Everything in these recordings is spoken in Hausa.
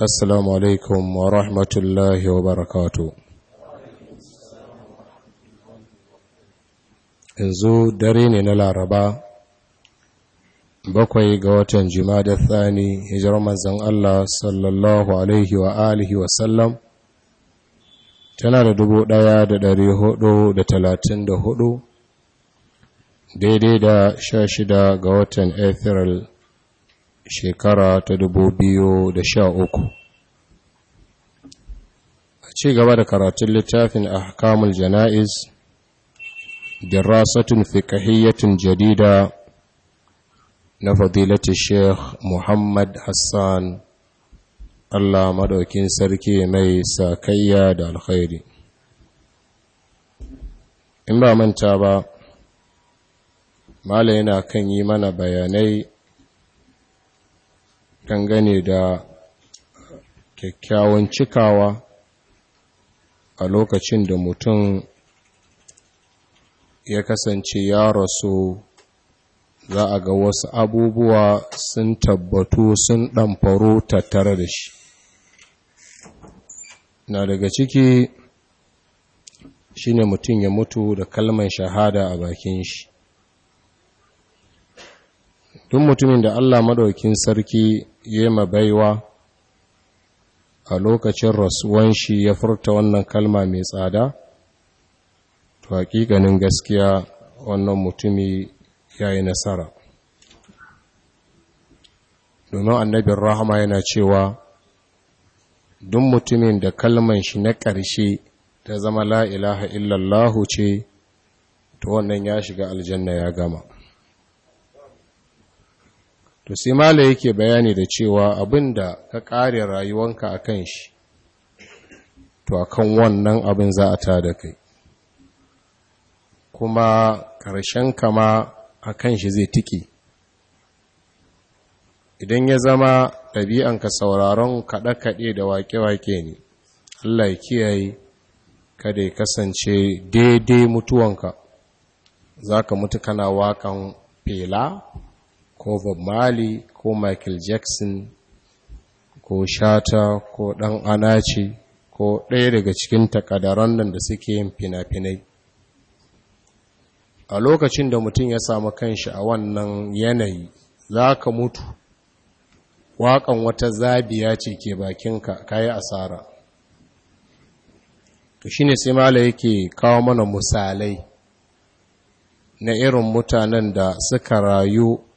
Assalamu alaikum wa rahmatullahi wa barakatu. Yanzu dare ne na Laraba, bakwai ga watan Jumada Thani, hijirar manzan Allah sallallahu Alaihi wa alihi tana da dubu ɗaya da dari hudu da talatin da hudu, daidai da sha shida ga watan Ethereal shekara ta da sha uku. a ci gaba da karatun littafin a ahkamul jana'iz da rasatun fiqhiyyatun jadida na fadilati sheikh muhammad hassan allah madaukin sarki mai sakayya da alkhairi in ba manta ba mala yana kan yi mana bayanai dangane da kyakkyawan cikawa a lokacin da mutum ya kasance ya rasu za a ga wasu abubuwa sun tabbatu sun ɗamfaro tattare da shi na daga ciki shine mutum ya mutu da kalman shahada a bakin shi duk mutumin da Allah maɗaukin sarki ya yi baiwa a lokacin rasuwan shi ya furta wannan kalma mai tsada to ganin gaskiya wannan mutumi yi nasara domin annabin rahama yana cewa duk mutumin da kalman shi na ƙarshe ta zama la ilaha illallahu ce to wannan ya shiga aljanna ya gama to sai mala yake bayani da cewa abin da ka kare rayuwanka a kan shi to a kan wannan abin za a ta da kai kuma ƙarshen kama a kan shi zai tiki idan ya zama ɗabi'anka sauraron kaɗe-kaɗe da waƙe-waƙe ne allah ya kiyaye kada ya kasance daidai mutuwanka za ka mutu kana waƙan fela ko bob mali ko michael jackson ko shata ko dan anace ko ɗaya daga cikin takadaran nan da suke yin fina-finai a lokacin da mutum ya samu kanshi a wannan yanayi za ka mutu waƙan wata zabiya ce ke bakinka yi asara to shine sai mala yake kawo mana misalai na irin mutanen da suka rayu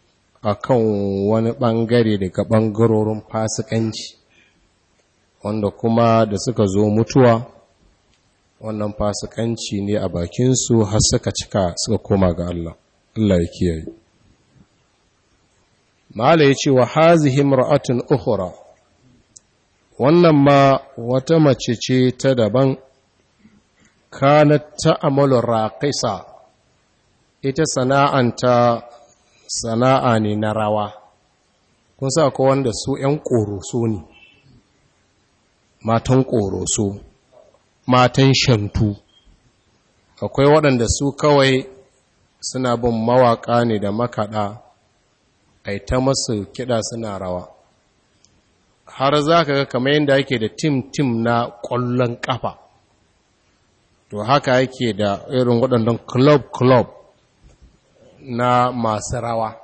A kan wani ɓangare daga ɓangarorin fasikanci wanda kuma da suka zo mutuwa wannan fasikanci ne a bakinsu har suka cika suka koma ga Allah Allah ya kiyaye mala ya ce wa hazihi mar'atun ukhra wannan ma wata mace ce ta daban kanat ta'amalar raqisa ita sana'anta sana'a ne na rawa kun sa ko wanda su 'yan ƙoroso ne matan ƙoroso matan shantu akwai waɗanda su kawai suna bin mawaƙa ne da makaɗa a ta masu kiɗa suna rawa har za ka ga kamar yadda ake da tim-tim na ƙwallon ƙafa to haka yake da irin waɗannan club-club na masu rawa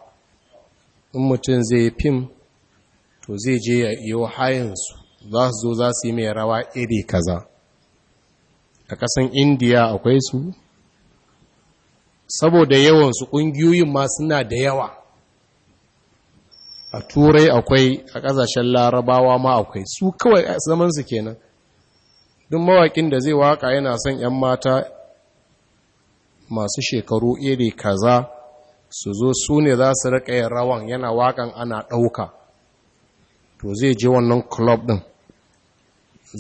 in mutum zai yi fim to zai je ya yi hayansu za su zo za su yi mai rawa iri kaza a ƙasan indiya akwai su saboda yawansu ƙungiyoyin ma suna da yawa a turai akwai a ƙasashen larabawa ma akwai su kawai zamansu kenan duk mawaƙin da zai waka yana son 'yan mata masu shekaru iri kaza su zo su ne za su riƙa yin rawan yana waƙan ana ɗauka to zai je wannan club ɗin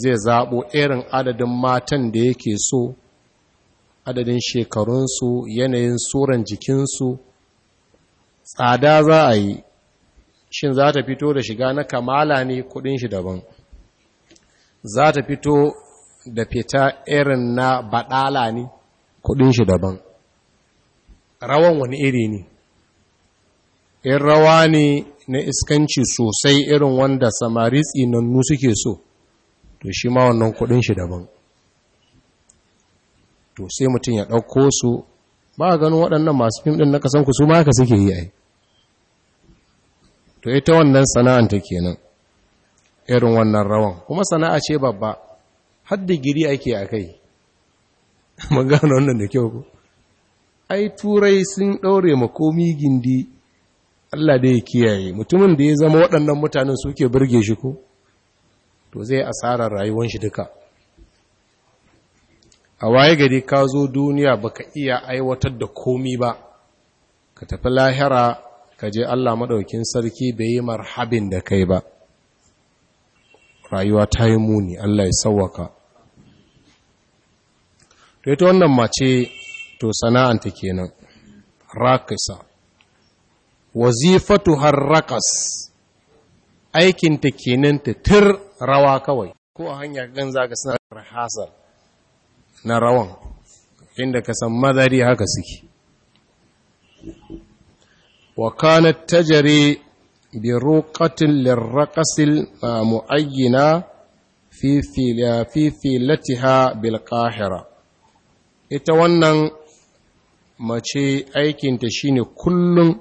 zai zaɓo irin adadin matan da yake so adadin shekarunsu yanayin tsoron jikinsu tsada za a yi shin za ta fito da shiga na kamala ne kudin shi daban za ta fito da fita irin na baɗala ne kudin shi daban rawan wani iri ne in rawa ne na iskanci sosai irin wanda samari tsinannu suke so to shi ma wannan kudin shi daban to sai mutum ya ɗauko su ba a ganin waɗannan masu fim ɗin na ku, su ma haka suke yi a yi. to ita wannan sana'anta kenan irin wannan rawan kuma sana'a ce babba har digiri ake a kai mun wannan da kyau ku ai turai sun ɗaure makomi gindi Allah da ya kiyaye mutumin da ya zama waɗannan mutanen suke birge shi ko to zai asarar rayuwar shi duka a waye gari ka zo duniya baka iya aiwatar da komi ba ka tafi lahira ka je Allah maɗaukin sarki bai yi marhabin da kai ba rayuwa ta yi muni Allah ya sawaka. to ita wannan mace to sana'anta kenan wazifatu aikinta kenan ta tir rawa kawai ko a hanya gan zaka suna rahasar na rawan inda ka san madari haka suke wa kanat tajari bi ruqatin lirqasil muayyana fi latiha bil qahira ita wannan mace aikinta shine kullum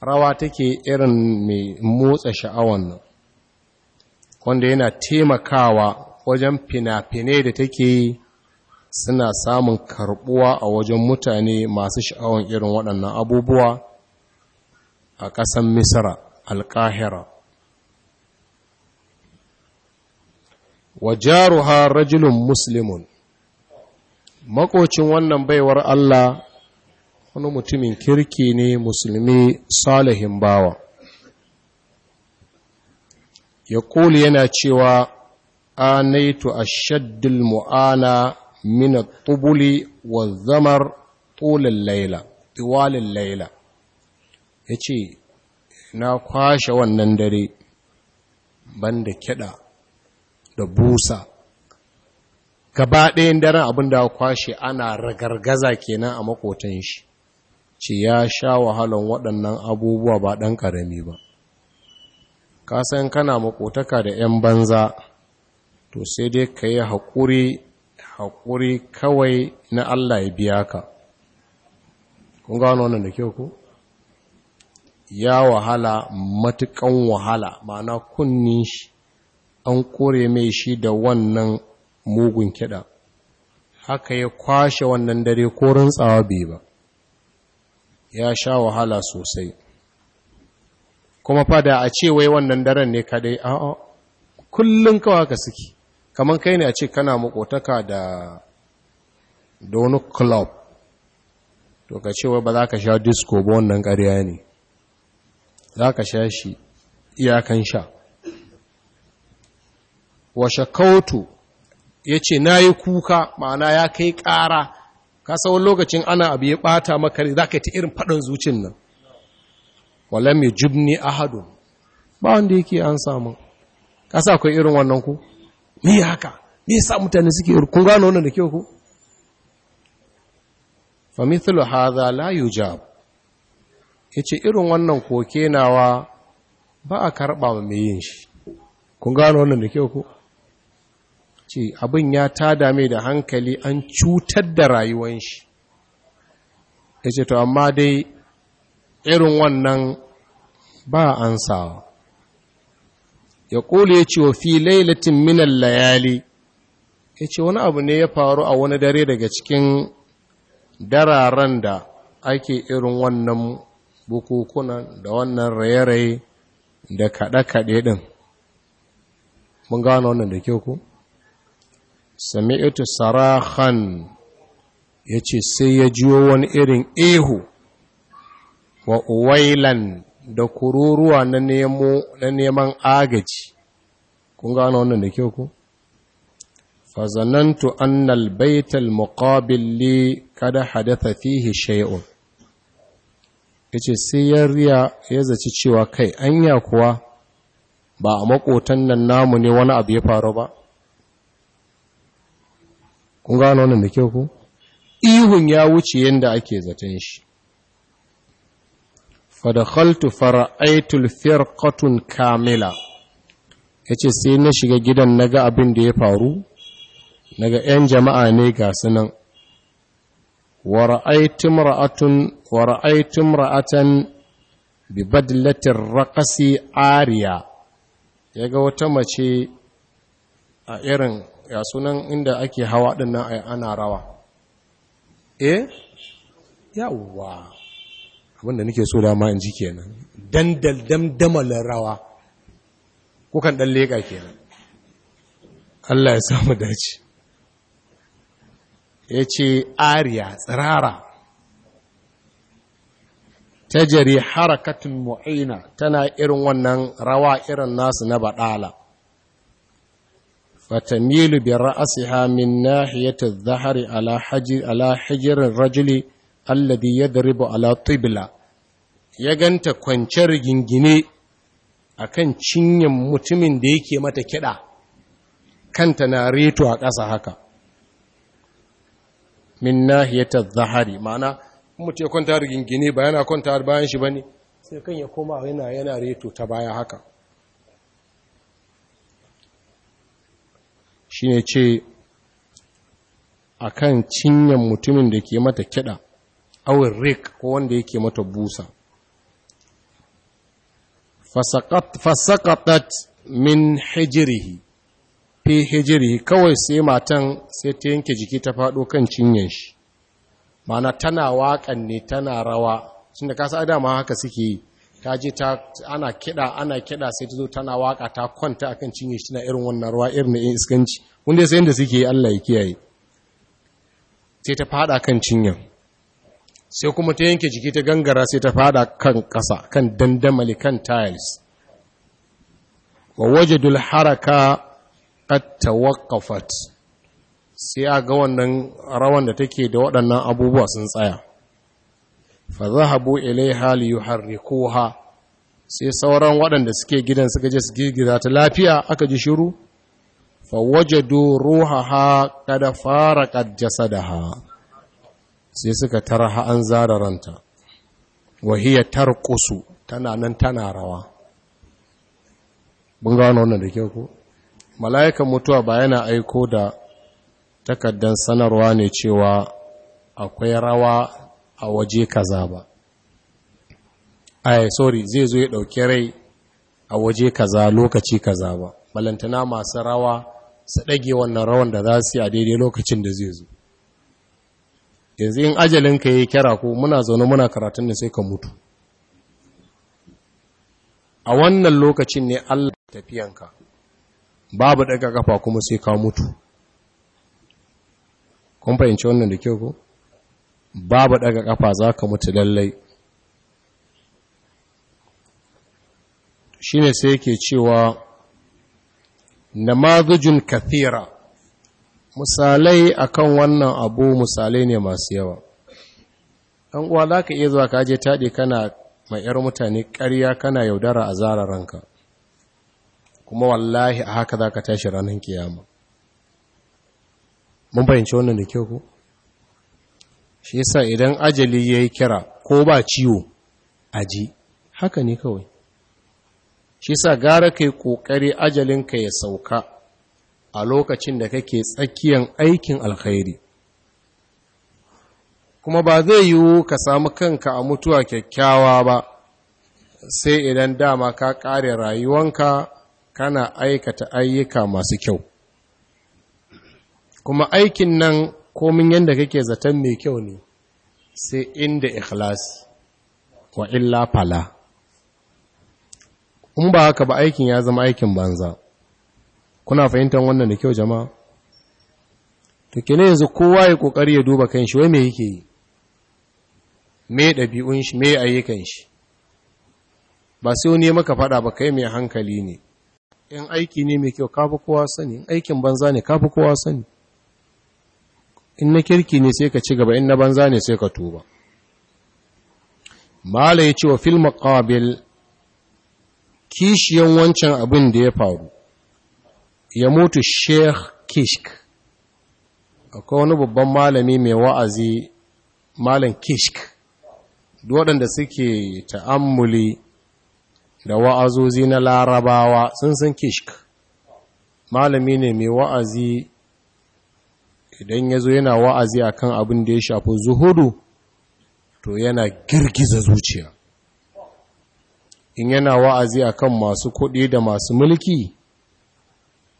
rawa take irin mai motsa sha'awan nan wanda yana taimakawa wajen fina-finai da take yi suna samun karbuwa a wajen mutane masu sha'awan irin waɗannan abubuwa a ƙasan misra alƙahira wajaruha rajulun muslimun makocin wannan baiwar Allah wani mutumin kirki ne musulmi salihin bawa ya kuli yana cewa anaitu ashaddul mu'ana mina tubuli wa zamar Laila, tuwalin Laila, ya ce na kwashe wannan dare banda kiɗa da busa gaba ɗayan daren abin da kwashe ana ragargaza kenan a makotan shi ce ya sha wahalan waɗannan abubuwa ba ɗan ƙarami ba ka san kana makotaka da 'yan banza to sai dai ka yi haƙuri haƙuri kawai na Allah ya biya ka kun gano wannan da kyau ku ya wahala matuƙan wahala ma'ana kunnin shi an kore mai shi da wannan mugun kiɗa haka ya kwashe wannan dare ko rantsawa bai ba ya sha wahala sosai kuma fada a ce wai wannan daren ne kadai a'a kullum kawaka ka suke kamar kai ne a ce kana makotaka da wani club to ka ce wai ba za ka sha disco ba wannan karya ne za ka sha shi iyakan sha washe kautu ya ce na yi kuka ma'ana ya kai ƙara ka lokacin ana abu ya bata maka za ka ta irin faɗin zucin nan wala mai jubni a hadu. ba wanda yake an samu ka sa akwai irin wannan ku ni haka ni sa mutane suke irin kun gano wannan da kyau ku fa mithlu hadha la yujab yace irin wannan koke nawa ba a karba mai yin shi kun gano wannan da kyau ku ce abin ya tada mai da hankali an cutar da rayuwan shi ya ce to amma dai irin wannan ba an sawa ya ƙule ya ce wa fi lailatin minan layali ya ce wani abu ne ya faru a wani dare daga cikin dararen da ake irin wannan bukukunan da wannan raye-raye da kaɗe-kaɗe ɗin mun gano wannan da kyau ku? ita sarahan ce sai ya jiwo wani irin ihu wa uwailan da kururuwa na neman agaji kun gano wannan da kyau ku? fazanantu annal baital muqabil kada hadatha fihi shay'un yace sai ya riya ya zaci cewa kai anya kuwa ba a makotan nan namu ne wani abu ya faru ba kun gano wannan da kyau ku ihun ya wuce yanda ake zaton shi fadakhaltu fara'aytul firqatun kamila yace sai na shiga gidan naga abin da ya faru naga 'yan jama'a ne ga sunan ورأيت امرأة ورأيت امرأة ببدلة ariya yaga wata mace a irin ya sunan inda ake hawa din nan ana rawa eh yawwa abinda nake so dama in ji kenan dandal damdamal rawa kukan dan leka kenan Allah ya samu dace yace ariya tsirara tajari harakatun mu'ina tana irin wannan rawa irin nasu na baɗala فتميل برأسها من ناحية الظهر على حجر, على حجر الرجل الذي يضرب على طبلة يغنت كونشر جنجيني akan cinyan mutumin da yake mata kiɗa kanta na reto a ƙasa haka min nahiyatar zahari ma'ana mutu ya kwanta rigingine ba yana kwanta bayan shi ba ne sai kan ya koma yana yana reto ta baya haka shi ne ce a kan cinyan mutumin da ke mata kiɗa awin rik ko wanda yake mata busa fasakatat min hijirihi fi hijirihi kawai sai matan sai ta yanke jiki ta faɗo kan cinyan shi mana tana waƙan ne tana rawa shi da kasa adama haka suke yi ta je ta ana kiɗa ana kiɗa sai ta zo tana waka ta kwanta akan cinye shi na irin wannan ruwa irin in iskanci wanda sai inda suke Allah ya kiyaye sai ta fada kan cinyan sai kuma ta yanke jiki ta gangara sai ta fada kan ƙasa kan dandamali kan tiles wa wajadul haraka qad tawaqqafat sai ga wannan rawan da take da waɗannan abubuwa sun tsaya fa ilaiha li sai sauran waɗanda suke gidan suka je su girgiza ta lafiya aka ji shiru fa wajadu ruhaha kada faraqat jasadaha sai suka tarha an zara ranta wa hiya tarqusu tana nan tana rawa mun gano wannan da ke ko mala'ikan mutuwa ba yana aiko da takaddan sanarwa ne cewa akwai rawa a waje kaza ba ai sorry zai zo ya ɗauki rai a waje kaza lokaci kaza ba balantana masu rawa su dage wannan rawan da za su yi a daidai lokacin da zai zo yanzu in ajalinka ya yi kira ko muna zaune muna karatun da sai ka mutu a wannan lokacin ne Allah tafiyanka babu daga kafa kuma sai ka mutu kun fahimci wannan da kyau ko babu daga kafa za ka mutu lallai shine sai yake cewa namazujun kathira misalai akan wannan abu misalai ne masu yawa ɗan uwa za ka iya zuwa ka je taɗe kana mai ‘yar mutane ƙarya kana yaudara a zara ranka kuma wallahi a haka za ka tashi ranar kiyama mun fahimci wannan da kyau ko. shi yasa idan ajali ya yi kira ko ba ciwo a ji, haka ne kawai shi yasa gara ka yi ƙoƙari ajalinka ya sauka a lokacin da kake tsakiyar aikin alkhairi kuma ba zai yiwu ka samu kanka a mutuwa kyakkyawa ba sai idan dama ka ƙare rayuwanka kana aikata ayyuka masu kyau kuma aikin nan komin yadda kake zaton mai kyau ne sai inda ikhlasi wa illa fala in ba haka ba aikin ya zama aikin banza kuna fahimtar wannan da kyau jama'a to kene yanzu kowa ya kokari ya duba kanshi wai me yake yi me ɗabi'un shi me ayyukan shi ba sai wani maka faɗa ba kai mai hankali ne in aiki ne mai kyau kafi kowa sani aikin banza ne kafi kowa sani in na kirki ne sai ka ci gaba in na banza ne sai ka tuba mala ya ce wa fil maqabil kishiyan wancan abin da ya faru ya mutu sheikh kishk akwai wani babban malami mai wa'azi malam kishk waɗanda suke ta'ammuli da wa'azozi na larabawa sun san kishk malami ne mai wa'azi idan ya zo yana wa'azi a kan abin da ya shafi zuhudu to yana girgiza zuciya in yana wa'azi a kan masu kuɗi da masu mulki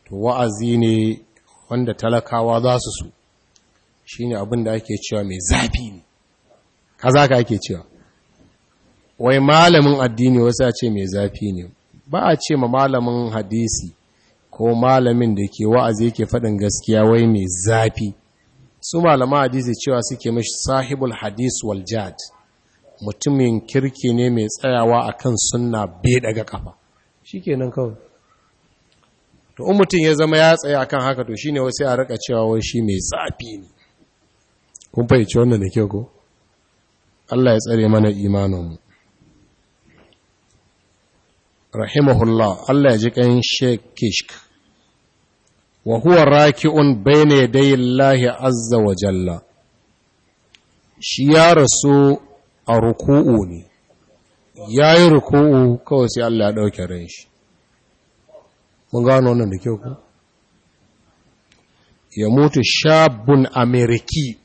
to wa'azi ne wanda talakawa za su su shi ne abin da ake cewa mai zafi ne ka za ka ake cewa wai malamin addini wasu a ce mai zafi ne ba a ce ma malamin hadisi ko malamin da ke wa'azi yake faɗin gaskiya wai mai zafi su malama hadisi cewa suke mashi sahibul hadis wal jad mutumin kirki ne mai tsayawa akan sunna bai daga kafa shikenan kawai to in mutum ya zama ya tsaya akan haka to shine wai sai a rika cewa wai shi mai zafi ne kun fahimci wannan da ke ko Allah ya tsare mana imaninmu rahimahullah Allah ya ji kan Sheikh Kishk Wahuwa raki'un baine yaday Allah azza wa shi ya rasu a ruku'u ne yayi ruku'u kawai sai Allah ya dauke ran shi gano wannan da kyau ku ya mutu shabun ameriki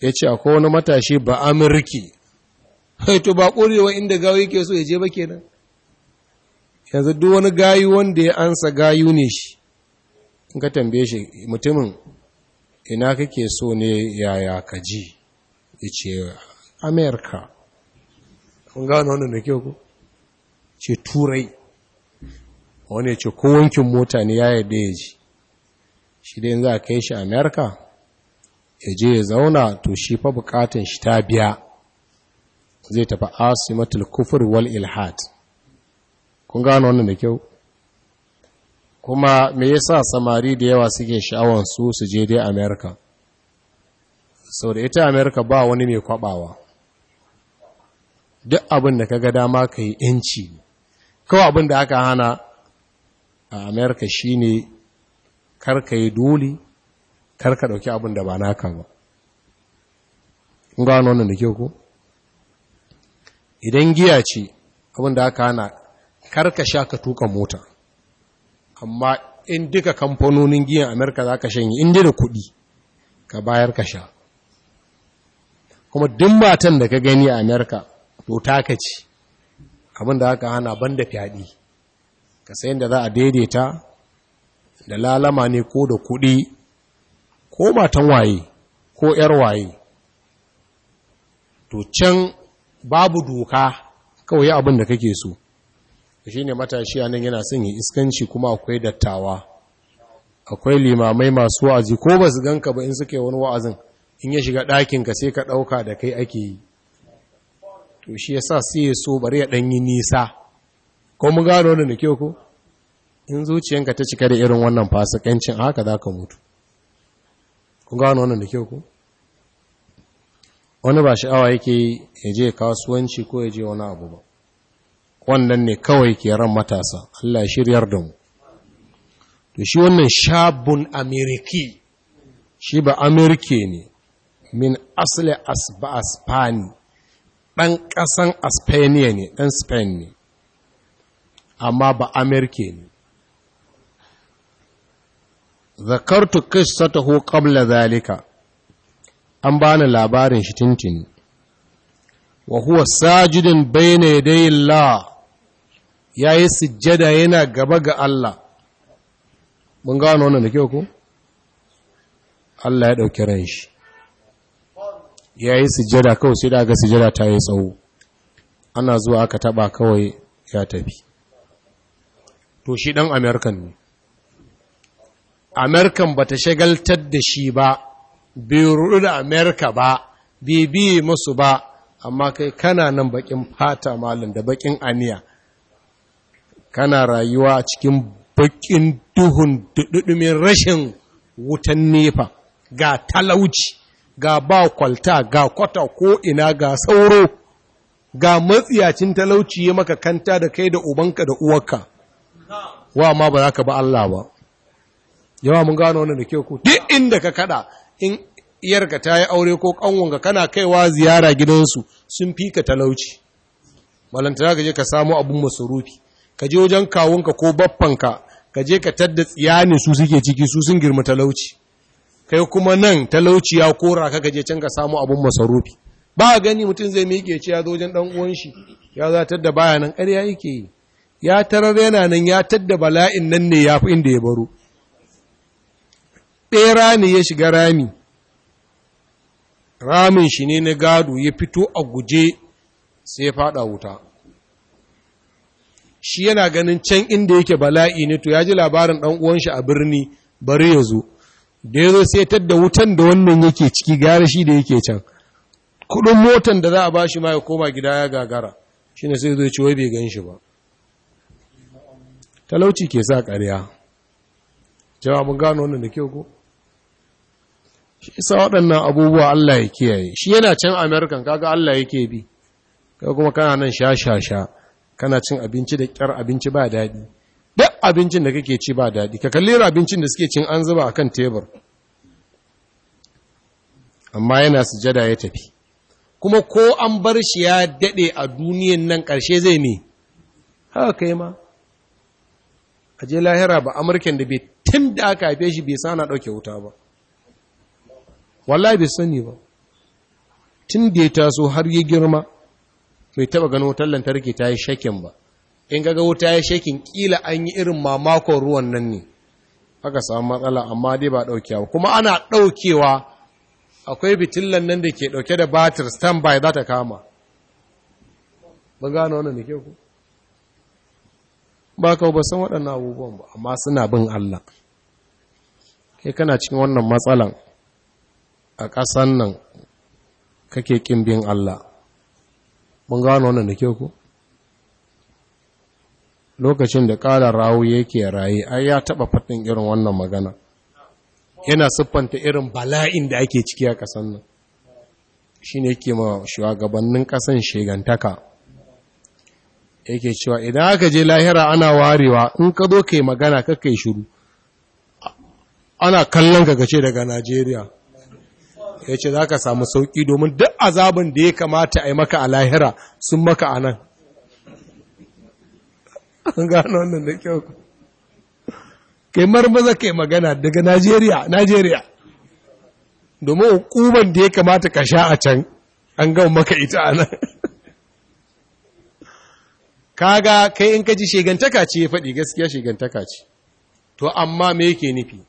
yace akwai wani matashi ba ameriki to ba ƙurewa inda gawi ke so ya je ba kenan yanzu duk wani gayu wanda ya ansa gayu ne shi in ka tambaye shi mutumin ina kake so ne yaya ka ji ya ce amerika kun gano wannan da kyau ku ce turai wani ya ce ko wankin mota ne ya yadda ya ji shi dai za a kai shi amerika ya je ya zauna to shi fa bukatun shi ta biya zai tafi asimatul kufur wal ilhad kun gano wannan da kyau kuma me yasa samari da yawa suke sha'awar su su je dai america sau da ita america ba wani mai kwabawa duk abin da ka ga dama ka yi yanci kawai abin da aka hana a america shine karka yi doli karka dauki abin da ba naka ba gano wannan da ke ko idan giya ce abin da aka hana karka sha ka tuka mota amma in duka kamfanonin giyan amerika za ka shanye inda da kuɗi ka bayar ka sha kuma duk matan da ka gani a amerika to taka ce abinda aka hana banda fyaɗe ka sayan da za a daidaita da lalama ne ko da kuɗi ko matan waye ko ‘yar waye to can babu doka kawai abin da kake so shi ne matashi a nan yana son yi iskanci kuma akwai dattawa akwai limamai masu wa'azi ko ba su ka ba in suke wani wa'azin in ya shiga ɗakinka sai ka ɗauka da kai ake yi to shi ya sa sai so bari ya ɗanyi nisa ko mu gano wani da ko in zuciyanka ta cika da irin wannan fasikancin haka za ka mutu ku gano wani da ko wani ba sha'awa yake ya je kasuwanci ko ya je wani abu ba wannan ne kawai ke ran matasa Allah shiryar da mu to shi wannan shabun ameriki shi ba amerike ne min asali asba aspani dan kasan aspania ne dan spain ne amma ba amerike ne zakartu qissatahu qabla zalika an bani labarin shi tintini wa huwa sajidun bayna yaday Allah ya yi sujjada yana gaba ga Allah mun gano wannan da kyau ko Allah ya ɗauki ran shi ya yi sujjada kawai sai da ga sujjada ta yi tsawo ana zuwa aka taba kawai ya tafi to shi ɗan american ne american ba ta shagaltar da shi ba bai rudu da amerika ba bai biye masu ba amma kai kana nan bakin fata malam da bakin aniya kana rayuwa a cikin bakin duhun dududumin rashin wutan nefa ga talauci ga ba kwalta ga kwata ko ina ga sauro ga matsiyacin talauci ya maka kanta da kai da ubanka da uwarka wa ma ba za ka ba Allah ba yawa mun gano wannan da ke ku duk inda ka kada in iyarka ta yi aure ko ka kana kaiwa ziyara gidansu sun fi ka talauci malanta za ka je ka samu abun masurufi ka je wajen kawunka ko baffanka ka je ka tadda tsiyanin su suke ciki su sun girma talauci kai kuma nan talauci ya kora ka gaje can ka samu abun masarufi ba gani mutum zai miƙe ce ya zo wajen ɗan uwan shi ya zatar da baya nan ƙarya yake yi ya tarar yana nan ya tadda bala'in nan ne ya fi inda ya baro ɓera ne ya shiga rami ramin shi ne na gado ya fito a guje sai ya faɗa wuta shi yana ganin can inda yake bala'i ne to ya ji labarin ɗan uwanshi a birni bari ya zo da ya zo sai da wutan da wannan yake ciki gara shi da yake can kudin motan da za a bashi ma ya koma gida ya gagara ne sai zo ce bai gan shi ba talauci ke sa karya. jama'a mun gano wannan da kyau ko shi sa waɗannan abubuwa Allah ya kiyaye shi yana can American kaga Allah yake bi kai kuma kana nan sha sha sha kana cin abinci da kyar abinci ba daɗi duk abincin da kake ci ba daɗi ka kalli abincin da suke cin an zuba akan tebur amma yana sujada ya tafi kuma ko an bar shi ya daɗe a duniyan nan ƙarshe zai ne haka kai ma a je lahira ba amurken da bai tun da aka haife shi bai sana ɗauke wuta ba wallahi bai sani ba tun da ya taso har yi girma Mai taba ganin wutar lantarki ta yi shakin ba in gaga wuta ya shakin kila an yi irin mamakon ruwan nan ne aka samu matsala amma dai ba ba kuma ana daukewa akwai bitillan nan da ke dauke da batir standby za ta kama ba gano wannan da ke ku ba ka ba san waɗannan abubuwan ba amma suna bin Allah kai kana cikin wannan matsalan a ƙasan nan kake ƙin bin Allah mun gano wannan da kyau ko lokacin da ƙara rawu yake raye ai ya taɓa faɗin irin wannan magana yana siffanta irin bala'in da ake ciki a ƙasar nan shine yake ma shugabannin ƙasan shegantaka yake cewa idan aka je lahira ana warewa in ka zo ka magana kakai shiru ana kallon ka gace daga najeriya ya ce za ka samu sauƙi domin duk azabin da ya kamata a yi maka a lahira sun maka a nan an gano wannan da kyau kai marmaza kai magana daga najeriya najeriya domin hukuman da ya kamata ka sha a can an gama maka ita a nan kaga kai in ka ji shegantaka ce ya faɗi gaskiya shigantaka ce to amma me yake nufi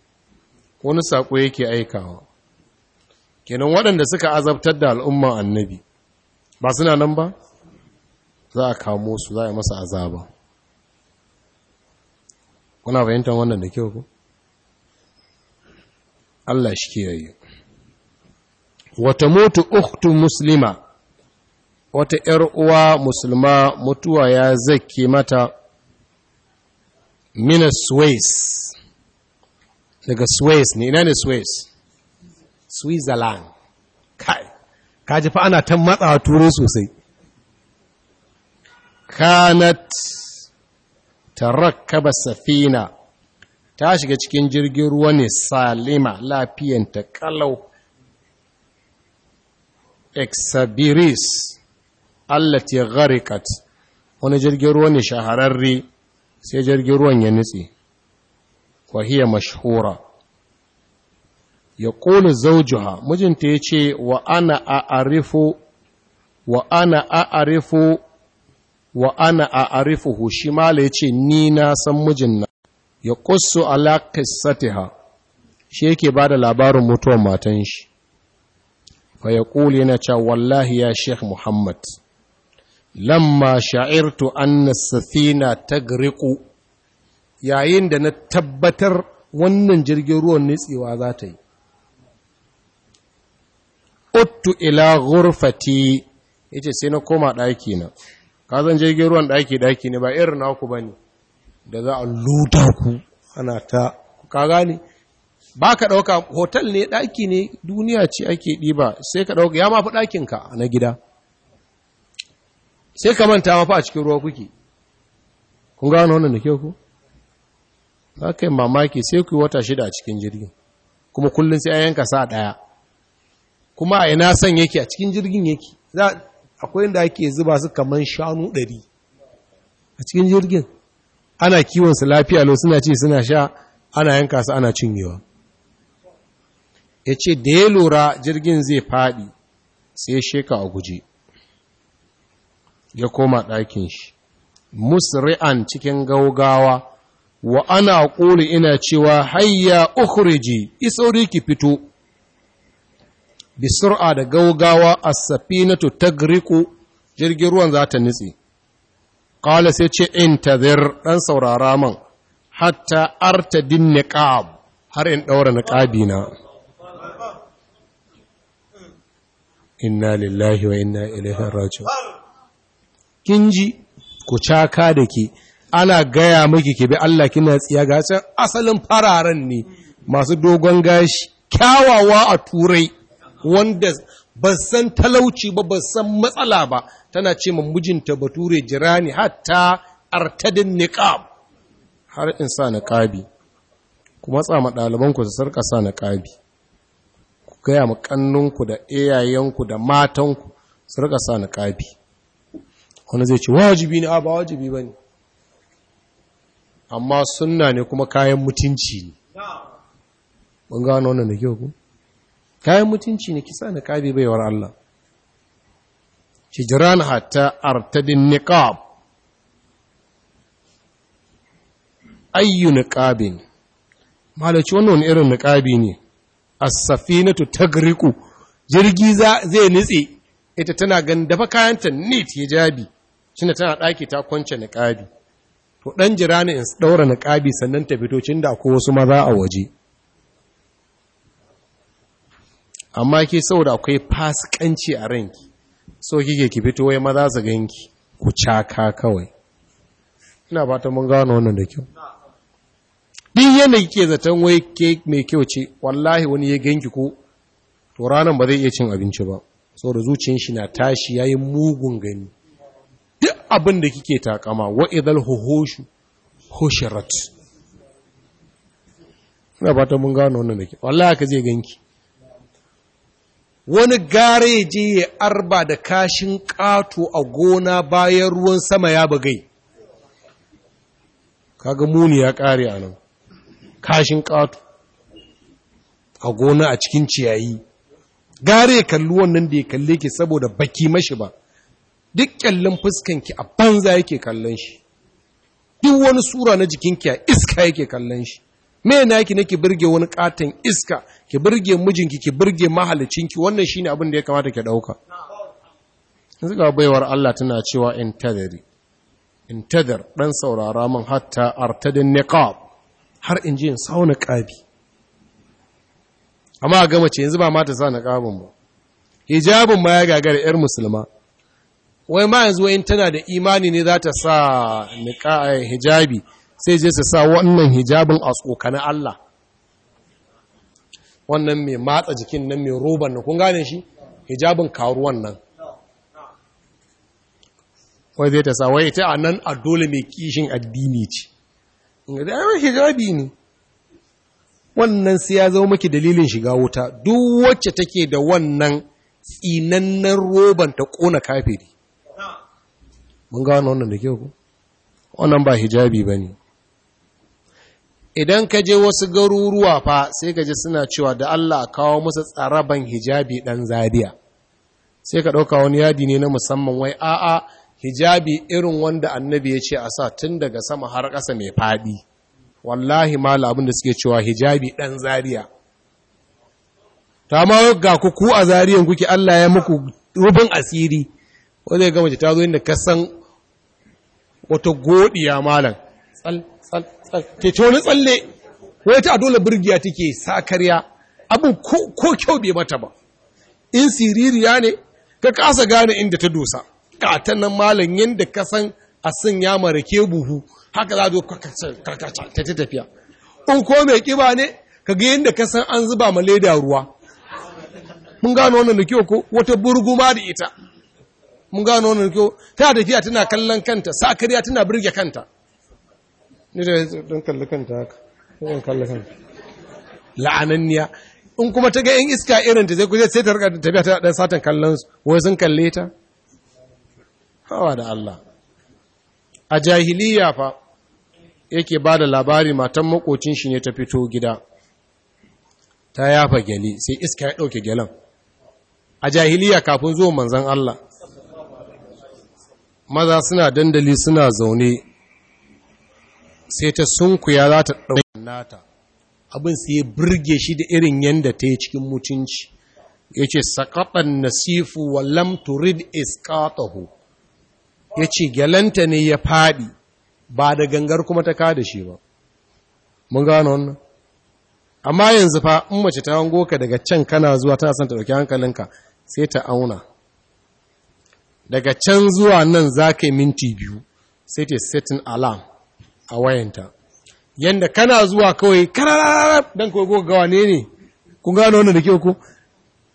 wani saƙo yake aikawa kenan waɗanda suka azabtar da al'umma annabi ba suna nan ba za a kamo su za a masa azaba kuna fahimtar wannan da kyau ku Allah shi ke yi. wata mutu uktu muslima wata ‘yar uwa musulma mutuwa ya zake mata minas suwais daga suwais ne ina ne suwais switzerland kai kaji fa ana ta matsawa turai sosai kanat tarakkaba safina ta shiga cikin jirgin ruwa ne salima lafiyanta kalau exabiris allati gharikat wani jirgin ruwa ne shahararre sai jirgin ruwan ya nutse wa hiya mashhura ya ƙone zaujuha mijinta ya ce wa ana a'arifu wa ana a'arifu wa ana ya ce ni na san mijin na ya ƙusu alakisati ha shi yake ba da labarin mutuwar matan shi fa ya ƙuli yana ce wallahi ya sheikh muhammad lamma sha'irtu anna safina tagriqu yayin da na tabbatar wannan jirgin ruwan nitsewa za ta yi uttu ila ghurfati yace sai na koma ɗaki na ka zan je geruwan ɗaki ɗaki ne ba irin naku bane da za a luda ku ana ta ka gane ba ka ɗauka hotel ne ɗaki ne duniya ce ake ba sai ka ɗauka ya mafi ɗakinka na gida sai ka manta mafi a cikin ruwa kuke kun gano wannan da ke ku za ka yi mamaki sai ku yi wata shida a cikin jirgin kuma kullum sai a yanka sa ɗaya kuma a ina son yake a cikin jirgin yake akwai inda ake zuba su kamar shanu ɗari a cikin jirgin ana kiwonsu lafiya lo suna ce suna sha ana yanka su ana cinyewa ya ce da ya lura jirgin zai faɗi sai sheka a guje ya koma ɗakin shi musri'an cikin gaugawa wa ana ƙuli ina cewa hayya ukhriji isauri ki fito Bisura da gaugawa a safinatu tagriqu jirgin ruwan za ta nitsi qala sai ce in intazir ɗan saurara man hatta artadin niqab har in ɗaura niqabi na inna lillahi wa inna ilaihi raji'un kinji ku caka da ki ana gaya maki ki bi Allah kina tsiya ga asalin fararen ne masu dogon gashi kyawawa a turai wanda ba san talauci ba ba san matsala ba tana ce ma mijinta bature jirani hatta artadin niqab har in sa niqabi kuma tsa ma ɗaliban ku su sarka sa niqabi ku gaya ma ku da iyayenku da matanku su rika sa niqabi wani zai ce wajibi ne a ba wajibi bane amma sunna ne kuma kayan mutunci ne mun gano wannan da kyau ku kayan mutunci ne kisa na ƙabe baiwar Allah hijiran hatta artadin niqab ayyu niqabin malaci wannan irin niqabi ne as-safinatu tagriqu jirgi zai nitse ita tana gan dafa kayanta neat hijabi shine tana daki ta kwance niqabi to dan jira in daura niqabi sannan ta fito cin da akwai wasu maza a waje amma ke saboda akwai fasikanci a ranki so kike ki fito wai maza su ganki ku caka kawai ina fata mun gano wannan da kyau din yana kike zaton wai ke mai kyau ce wallahi wani ya ganki ko to ranan ba zai iya cin abinci ba saboda zuciyar shi na tashi yayin mugun gani duk abin da kike takama wa idhal huhushu husharat ina fata mun gano wannan da kyau wallahi ka zai ganki wani gare je ya arba da kashin ƙato a gona bayan ruwan sama ya bagai kaga muni ya ƙare a nan kashin ƙato a gona a cikin ciyayi gare ya kalli wannan da ya kalle ke saboda baki mashi ba duk kyallin fuskanki a banza yake kallon shi duk wani sura na jikinki a iska yake kallon shi me na ki birge wani katon iska ki birge mijinki ki birge mahalicinki wannan shine abin da ya kamata ki dauka yanzu ga baiwar Allah tana cewa in tadari in tadar dan saurara man hatta artadin niqab har in ji in sauna qabi amma ga mace yanzu ba mata ta sa niqabin ba hijabin ma ya gagara yar musulma wai ma yanzu in tana da imani ne za ta sa niqab eh, hijabi sai je su sa wannan hijabin a tsokanin Allah wannan mai matsa jikin nan mai roban nan kun gane shi hijabin karuwan nan wai zai ta sa wai ta a nan a dole mai kishin addini ce inda da yawon hijabi ne wannan sai ya zama maki dalilin shiga wuta duk wacce take da wannan tsinannen roban ta kona kafiri mun gano wannan da kyau ku wannan ba hijabi ba ne idan ka je wasu garuruwa fa sai ka ji suna cewa da Allah a kawo musu tsaraban hijabi ɗan zariya sai ka ɗauka wani yadi ne na musamman wai a'a hijabi irin wanda annabi ya ce a sa tun daga sama har ƙasa mai faɗi wallahi ma abin da suke cewa hijabi ɗan zariya ta ma ga ku ku a zariyan kuke Allah ya muku rubin asiri wanda ya gama ta zo inda kasan wata godiya malam ke ta tsalle wai ta dole burgiya take sakarya abu ko kyau bai mata ba in siririya ne ka kasa gane inda ta dosa Ka nan malam yanda ka san a sun ya marake buhu haka za zo karkaca ta tafiya in ko mai kiba ne ka ga yanda ka san an zuba ma leda ruwa mun gano wannan da kyau ko wata burguma da ita mun gano wannan da kyau ta tafiya tana kallon kanta sakariya tana burge kanta ni yanzu don kalli kanta haka dan kalli kanta la'ananniya in kuma ta ga yan iska irin ta zai kuje sai ta rika tafiya ta dan satan kallon su wai sun kalle ta hawa da Allah a jahiliya fa yake ba da labari matan makocin shi ne ta fito gida ta yafa gyali sai iska ya ɗauke gyalan a jahiliya kafin zuwa manzan Allah maza suna dandali suna zaune sai ta sunkuya za ta ɗauki nata abin sai ya birge shi da irin yadda ta yi cikin mutunci ya ce sakaɓan nasifu wa lamturid iskatahu ya ce galanta ne ya faɗi ba da gangar kuma ta kada shi ba mun gano wannan amma yanzu fa in mace ta hango ka daga can kana zuwa tana son ta ɗauki hankalinka sai ta auna daga can zuwa nan za ka yi minti biyu sai ta setin alarm. a wayanta yanda kana zuwa kawai karararra don kawai goga gawa ne ne kun gano wannan da ke ku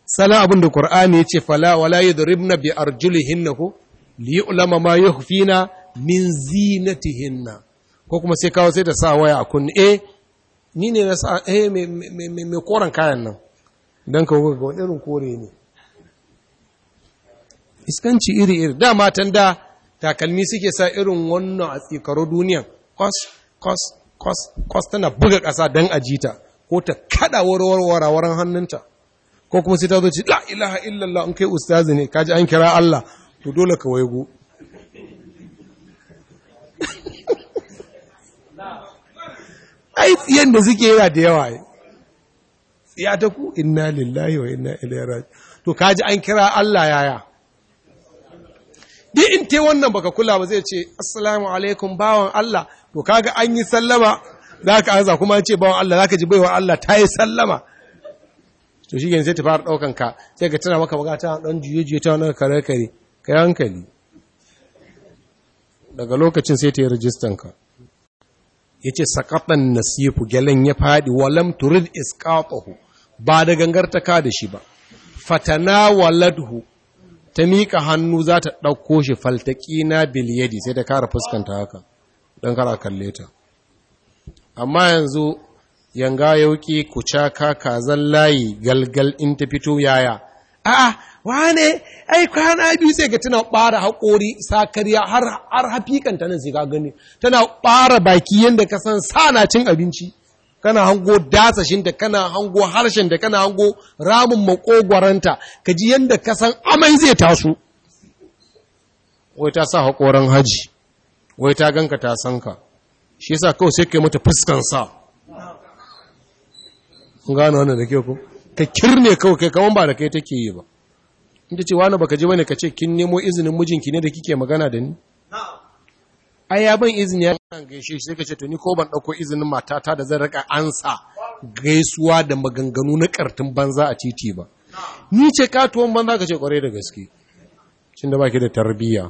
sala abin da ƙur'ani ya ce fala wala yadribna bi hinna ku li ulama ma na min zinati hinna. ko kuma sai kawo sai ta sa waya a kunne e ni ne na sa eh mai koren kayan nan don kawai ga wani irin kore ne iskanci iri iri da matan da takalmi suke sa irin wannan a tsikaro duniyan kwas kwas kwas kwas tana buga ƙasa don ajita ko ta kada warwarwarwaran hannunta ko kuma sai ta zo ce la ilaha illallah in kai ustazi ne kaji an kira Allah to dole ka waigo ai tsiyan da suke yana da yawa Ya ta ku inna lillahi wa inna ilaihi raji to kaji an kira Allah yaya duk in te wannan baka kula ba zai ce assalamu alaikum bawan Allah to kaga an yi sallama za ka ansa kuma an ce bawan Allah za ka ji baiwa Allah ta yi sallama to shi sai ta fara ɗaukan ka sai ka tana maka bukata dan juye-juye ta wannan kare kare Kai hankali daga lokacin sai ta yi rajistan ka yace ce nasifu gyalen ya faɗi walam turid isqatuhu ba da gangar ta ka da shi ba fatana waladhu ta miƙa hannu za ta ɗauko shi faltaƙi na biliyadi sai ta kara fuskanta haka don kara kalle ta amma yanzu yanga yauki ku caka kazan layi galgal in ta fito yaya a'a wane ai kwana biyu sai ka tana ɓara haƙori sakariya har har ta nan sai ka gani tana ɓara baki yadda ka san na cin abinci kana hango dasashinta kana hango harshen da kana hango ramin makogwaranta ka ji yadda ka san amai zai taso wai ta sa haƙoran haji wai ta ganka ta san ka shi yasa kawai sai kai mata fuskan sa gano wannan da ke ku ka kirne kawai kai kaman ba da kai take yi ba in ta ce wani baka ji bane ka ce kin nemo izinin mijinki ne da kike magana da ni ai ya ban izini ya kan gaishe shi sai ka ce to ni ko ban dauko izinin matata da zan rika ansa gaisuwa da maganganu na kartin banza a titi ba ni ce katuwan banza ka ce kware da gaske cin da baki da tarbiyya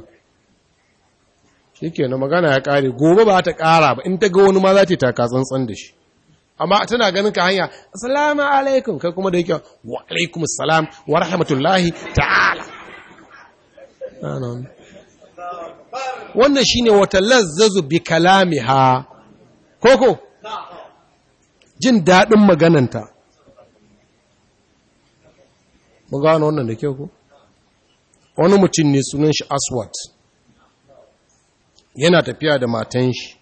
shi ke na magana ya ƙare gobe ba ta ƙara ba in ta ga wani ma za ta taka tsantsan da shi amma tana ganin ka hanya assalamu alaikum kai kuma da yake wa alaikum assalam wa rahmatullahi ta'ala wannan shine wata lazzazu bi kalamiha koko jin daɗin magananta mu gano wannan da kyau ko wani mutum ne sunan shi aswat yana tafiya da matan shi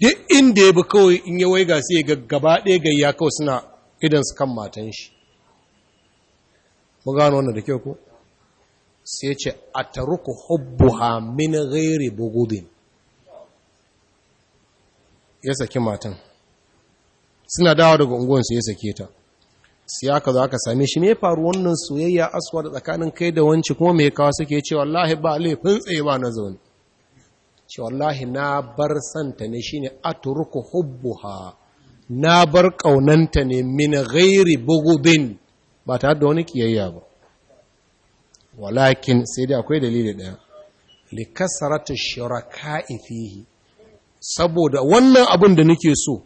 duk inda ya bi kawai in yi waiga sai ga gaba ɗaya gayya kawai suna idan su kan matan shi mu gano da kyau ku sai ce a taruku ha mini ghairi bugudin ya saki matan suna dawo daga unguwansu ya sake ta sai aka zo aka same shi me faru wannan soyayya aswa da tsakanin kai da wanci kuma mai kawo suke cewa wallahi ba laifin tsaye ba na zaune ce wallahi na bar santa ne shine atruku hubbuha na bar kaunanta ne min ghairi bugubin ba ta da wani kiyayya ba walakin sai dai akwai dalili daya likasaratu shuraka'i fihi saboda wannan abin da nake so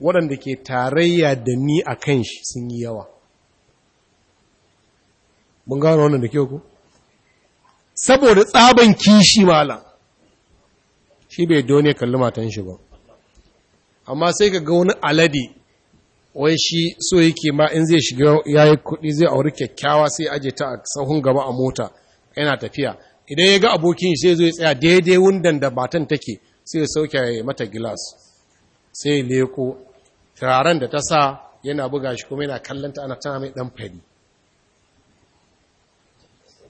waɗanda ke tarayya da ni a kan shi sun yi yawa mun gano wannan da ke ku saboda tsaban kishi malam shi bai ya kalli matan shi ba amma sai ka ga wani alade wai shi so yake ma in zai shiga yayi kuɗi zai auri kyakkyawa sai aje ta a sahun gaba a mota yana tafiya idan ya ga abokin shi sai zo ya tsaya daidai wundan da batan take sai ya sauke mata gilas sai leko turaren da ta sa yana buga shi kuma yana kallanta ana ta mai dan fari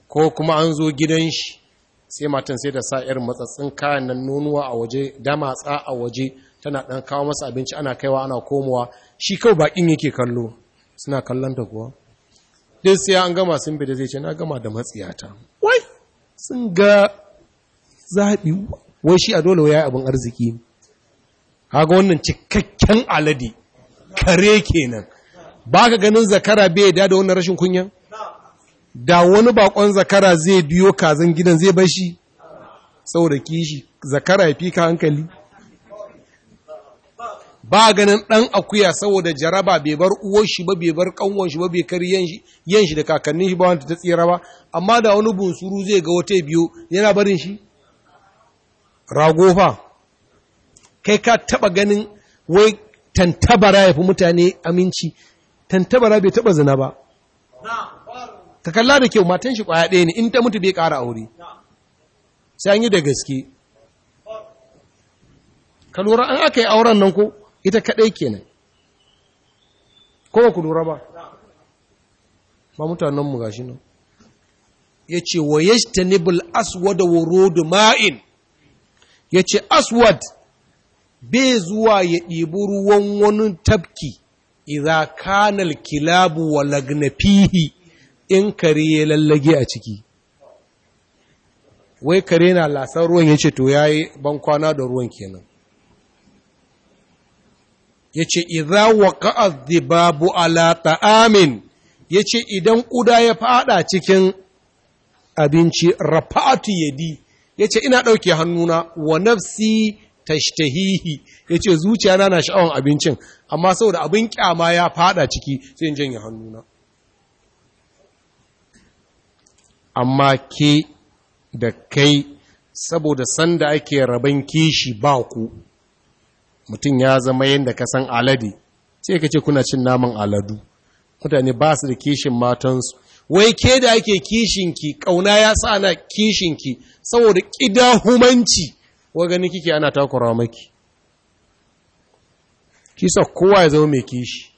ko kuma an zo gidan shi sai matan sai da sa irin matsatsin kayan nan nonuwa a waje damatsa a waje tana dan kawo masa abinci ana kaiwa ana komowa shi kawai bakin yake kallo suna kallon ta kuwa sai an gama sun bi da zai ce na gama da matsiyata wai sun ga zaɓi wai shi a dole ya yi abin arziki haga wannan cikakken alade kare kenan ba ka ganin zakara bai da da wannan rashin kunyan da wani bakon zakara zai biyo kazan gidan zai bar shi saboda kishi zakara ya fika hankali ba ganin ɗan akuya saboda jaraba bai bar uwar shi ba bai bar kanwon shi ba bai kari yan shi da kakannin shi ba wanda ta tsira ba amma da wani bunsuru zai ga wata biyo yana barin shi rago fa kai ka taba ganin wai tantabara ya fi mutane aminci tantabara bai taba zina ba ka kalla da kyau matan shi kwaya ɗaya ne in ta mutu bai ƙara aure sai an yi da gaske ka lura an aka yi auren nan ko ita kaɗai kenan ko ku lura ba ba mutanenmu ga shi nan ya ce wa yajtanibul aswada wurudu ma'in ya ce aswad bai zuwa ya ɗibi ruwan wani tafki idza kanal kilabu wa lagnafihi in kare ya lallage a ciki wai kare na lasar ruwan ya ce to ya yi bankwana da ruwan kenan ya ce idha waka azibabu ala ta'amin ya ce idan ƙuda ya fada cikin abinci rafatu yadi ya ce ina ɗauke hannuna wa nafsi tashtahihi ya ce zuciya na sha'awan abincin amma saboda abin kyama ya fada ciki sai in janye hannuna amma ke da kai saboda sanda ake rabon kishi ba ku mutum ya zama yadda ka san alade sai ka ce kuna cin naman aladu mutane ba su da kishin matansu wai ke da ake kishinki ƙauna ya sa ana kishinki saboda ƙida humanci, wa gani kike ana takura maki kisa kowa ya zama mai kishi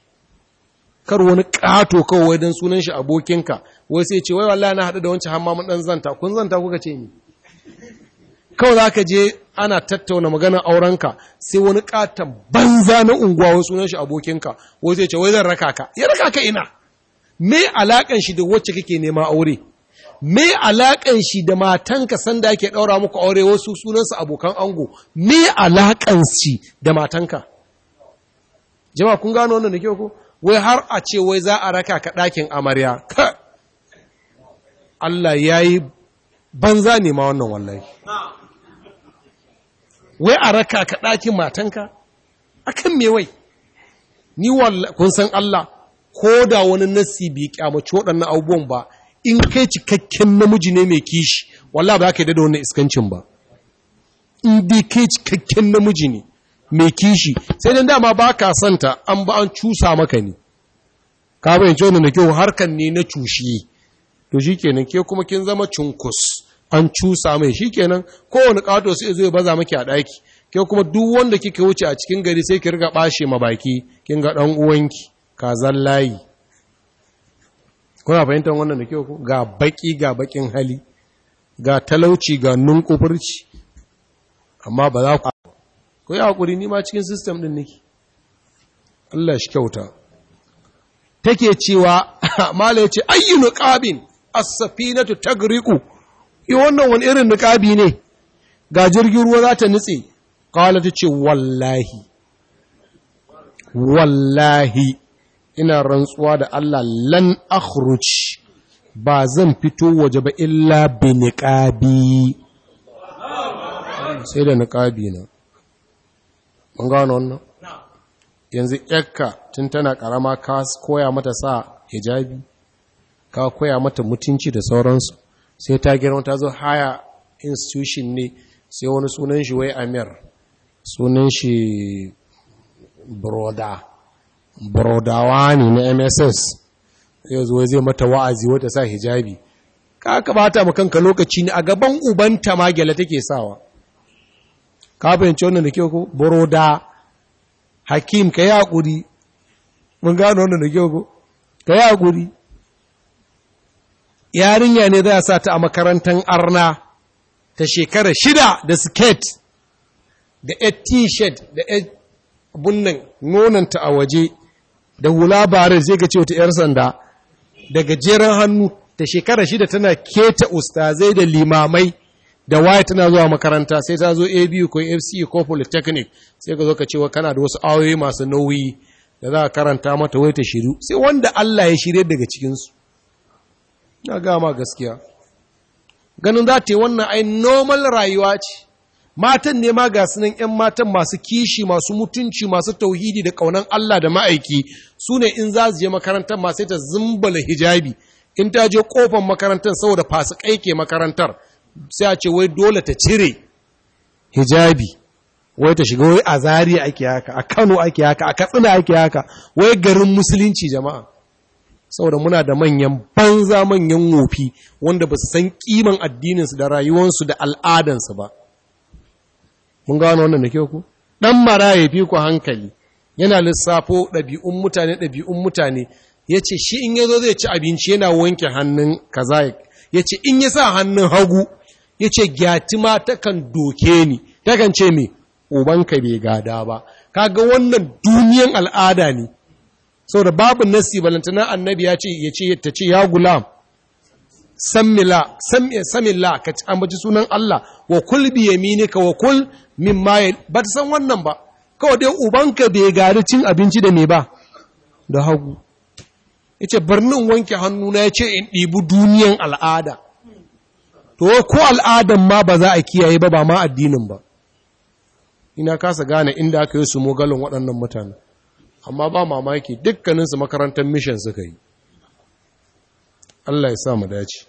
kar wani ƙato kawai don sunan shi abokinka wai sai ce wai wallahi na haɗu da wancan hamma mun dan zanta kun zanta kuka ce ni kawai za ka je ana tattauna maganar aurenka sai wani katon banza na unguwa wasu sunan shi abokinka wai sai ce wai zan raka ka ya raka ka ina me alakan shi da wacce kake nema aure me alakan shi da matanka sanda yake daura muku aure wasu su abokan ango me alakan shi da matanka jama'a kun gano wannan da kyau ko wai har a ce wai za a raka ka ɗakin amarya ka Allah ya yi banza ne ma wannan wallahi wai a raka ka ɗakin matanka a kan mewai ni kun san Allah ko da wani nasi ƙyamaci waɗannan abubuwan ba in kai cikakken namiji ne mai kishi wallahi ba ka yi da wannan iskancin ba in dai kai cikakken namiji ne mai kishi sai dan dama ba ka santa an ba an cusa maka ne ka bayyance na da kyau harkar ne na cushi. to kenan ke kuma kin zama cunkus an cusa mai shi kenan kowane kato sai zo ya baza maki a daki ke kuma duk wanda kika wuce a cikin gari sai ki riga bashe ma baki kin ga dan uwanki kazan layi kuna fahimtar wannan da ke ku ga baki ga bakin hali ga talauci ga nunkufurci amma ba za ku ku yi haƙuri ma cikin sistem ɗin niki Allah shi kyauta take cewa mala ya ce ayyunu ƙabin as-safinatu tagriqu yi wannan wani irin niqabi ne ga jirgin ruwa za ta nutse qala ta ce wallahi wallahi ina rantsuwa da Allah lan akhruj ba zan fito waje ba illa bi niqabi sai da niqabi na mun gano wannan yanzu yakka tun tana ƙarama ka koya mata sa hijabi ka koya mata mutunci da sauransu sai ta girma ta zo haya institution ne sai wani sunan shi wai amir sunan shi broda brodawa ne na mss ya zo zai mata wa'azi wata sa hijabi ka ka bata ma kanka lokaci ne a gaban ubanta ma gyale take sawa ka fahimci wannan da kyau ko broda hakim ka yi haƙuri mun gano wannan da kyau ko ka yi haƙuri yarinya ne za a sa ta a makarantar arna ta shekara shida da siket da a t-shirt da a bunnan nonanta a waje da hula bare zai ga cewa ta 'yar sanda da gajeren hannu ta shekara shida tana keta ustazai da limamai da waye tana zuwa makaranta sai ta zo abu ko fc ko polytechnic sai ka zo ka cewa kana da wasu ayoyi masu nauyi da za a karanta mata wai ta shiru sai wanda allah ya shirye daga cikinsu na gama gaskiya ganin za ta yi wannan ai normal rayuwa ce matan ne ma ga sunan 'yan matan masu kishi masu mutunci masu tauhidi da kaunan Allah da ma'aiki su ne in za su je makarantar masu ta zimbala hijabi in ta je ƙofar makarantar saboda fasikai ke makarantar sai a ce wai dole ta cire hijabi wai ta shiga wai a zariya ake haka a kano ake haka a katsina ake haka wai garin musulunci jama'a saboda muna da manyan banza manyan wofi wanda ba su san kiman addininsu da rayuwarsu da al'adansu ba mun gano wannan da kyau ku Ɗan mara ya fi ku hankali yana lissafo ɗabi'un mutane ɗabi'un mutane ya ce shi in ya zo zai ci abinci yana wanke hannun kaza ya ce in ya sa hannun hagu ya ce gyati ma takan doke ni takan ce me ubanka bai gada ba kaga wannan duniyan al'ada ne saboda babu nasi balantana annabi ya ce ya ce ta ce ya gulam sammila samilla ka ambaci sunan Allah wa kul bi yaminika wa kul mimma ba ta san wannan ba kawai dai ubanka bai gari cin abinci da me ba da hagu Ya yace birnin wanke hannu na ya ce in ɗibi duniyan al'ada to ko al'adan ma ba za a kiyaye ba ba ma addinin ba ina kasa gane inda aka yi su mogalon waɗannan mutane amma ba mamaki dukkaninsu makarantar mishan suka yi Allah ya sa mu dace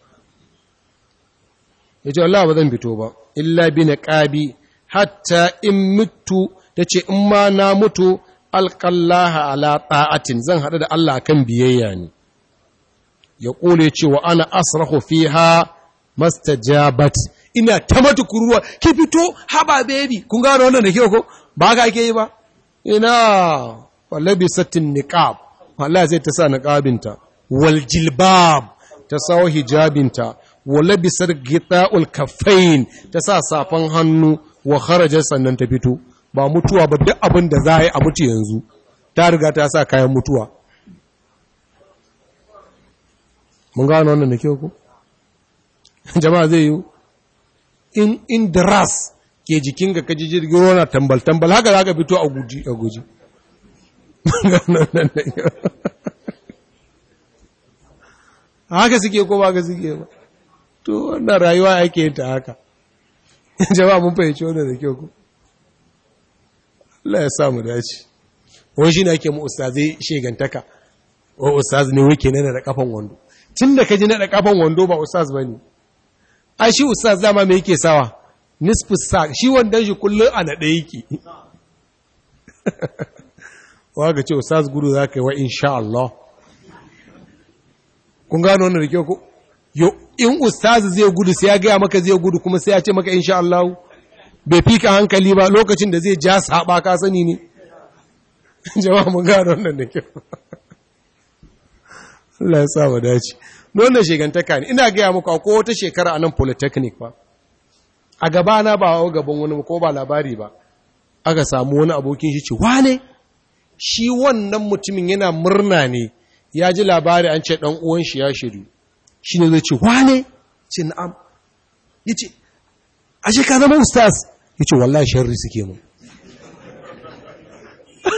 ya ce Allah ba zan fito ba illa bi na ƙabi hatta in mutu ta ce in ma na mutu alƙallaha ala ta'atin zan haɗu da Allah kan biyayya ne ya ƙule cewa ana asrahu fiha mastajabat ina ta mata kuruwa ki fito haba baby kun gano wannan da kyau ko ba ka ake yi ba ina walabisatin niqab Allah zai ta sa niqabinta wal jilbab ta sa hijabinta walabisar gita'ul kaffain ta sa safan hannu wa kharaja sannan ta fito ba mutuwa ba duk abin da za yi a mutu yanzu ta riga ta sa kayan mutuwa mun gano wannan da kyau ko jama'a zai yi in in dras ke jikin ga kaji jirgin ruwa tambal tambal haka za ka fito a guji a guji haka suke ko ba ka suke ba to wannan rayuwa ake ta haka jama'a mun fahimci wannan da kyau ko Allah ya sa mu dace wani shi ne ake mu ustazai shegantaka wa ustaz ne wake nana da kafan wando tun da kaji na da kafan wando ba ustaz ne, ai shi ustaz dama me yake sawa nisfi sa shi wanda shi kullum a naɗe yake wa ga ce ustaz gudu za ka yi wa insha Allah kun gano wannan da kyau ko yo in ustaz zai gudu sai ya gaya maka zai gudu kuma sai ya ce maka insha Allah bai fika hankali ba lokacin da zai ja saba ka sani ne jama'a mun gano wannan da kyau Allah ya sa mu dace wannan shegantaka ne ina gaya muku ko wata shekara a nan polytechnic ba a gabana ba a gaban wani ko ba labari ba aka samu wani abokin shi ce wane shi wannan mutumin yana murna ne ya ji labari an ce ɗan uwan shi ya shiru shi ne zai ce wane ce na'am ya ce shi ka zama ustaz ya ce wallahi sharri suke mu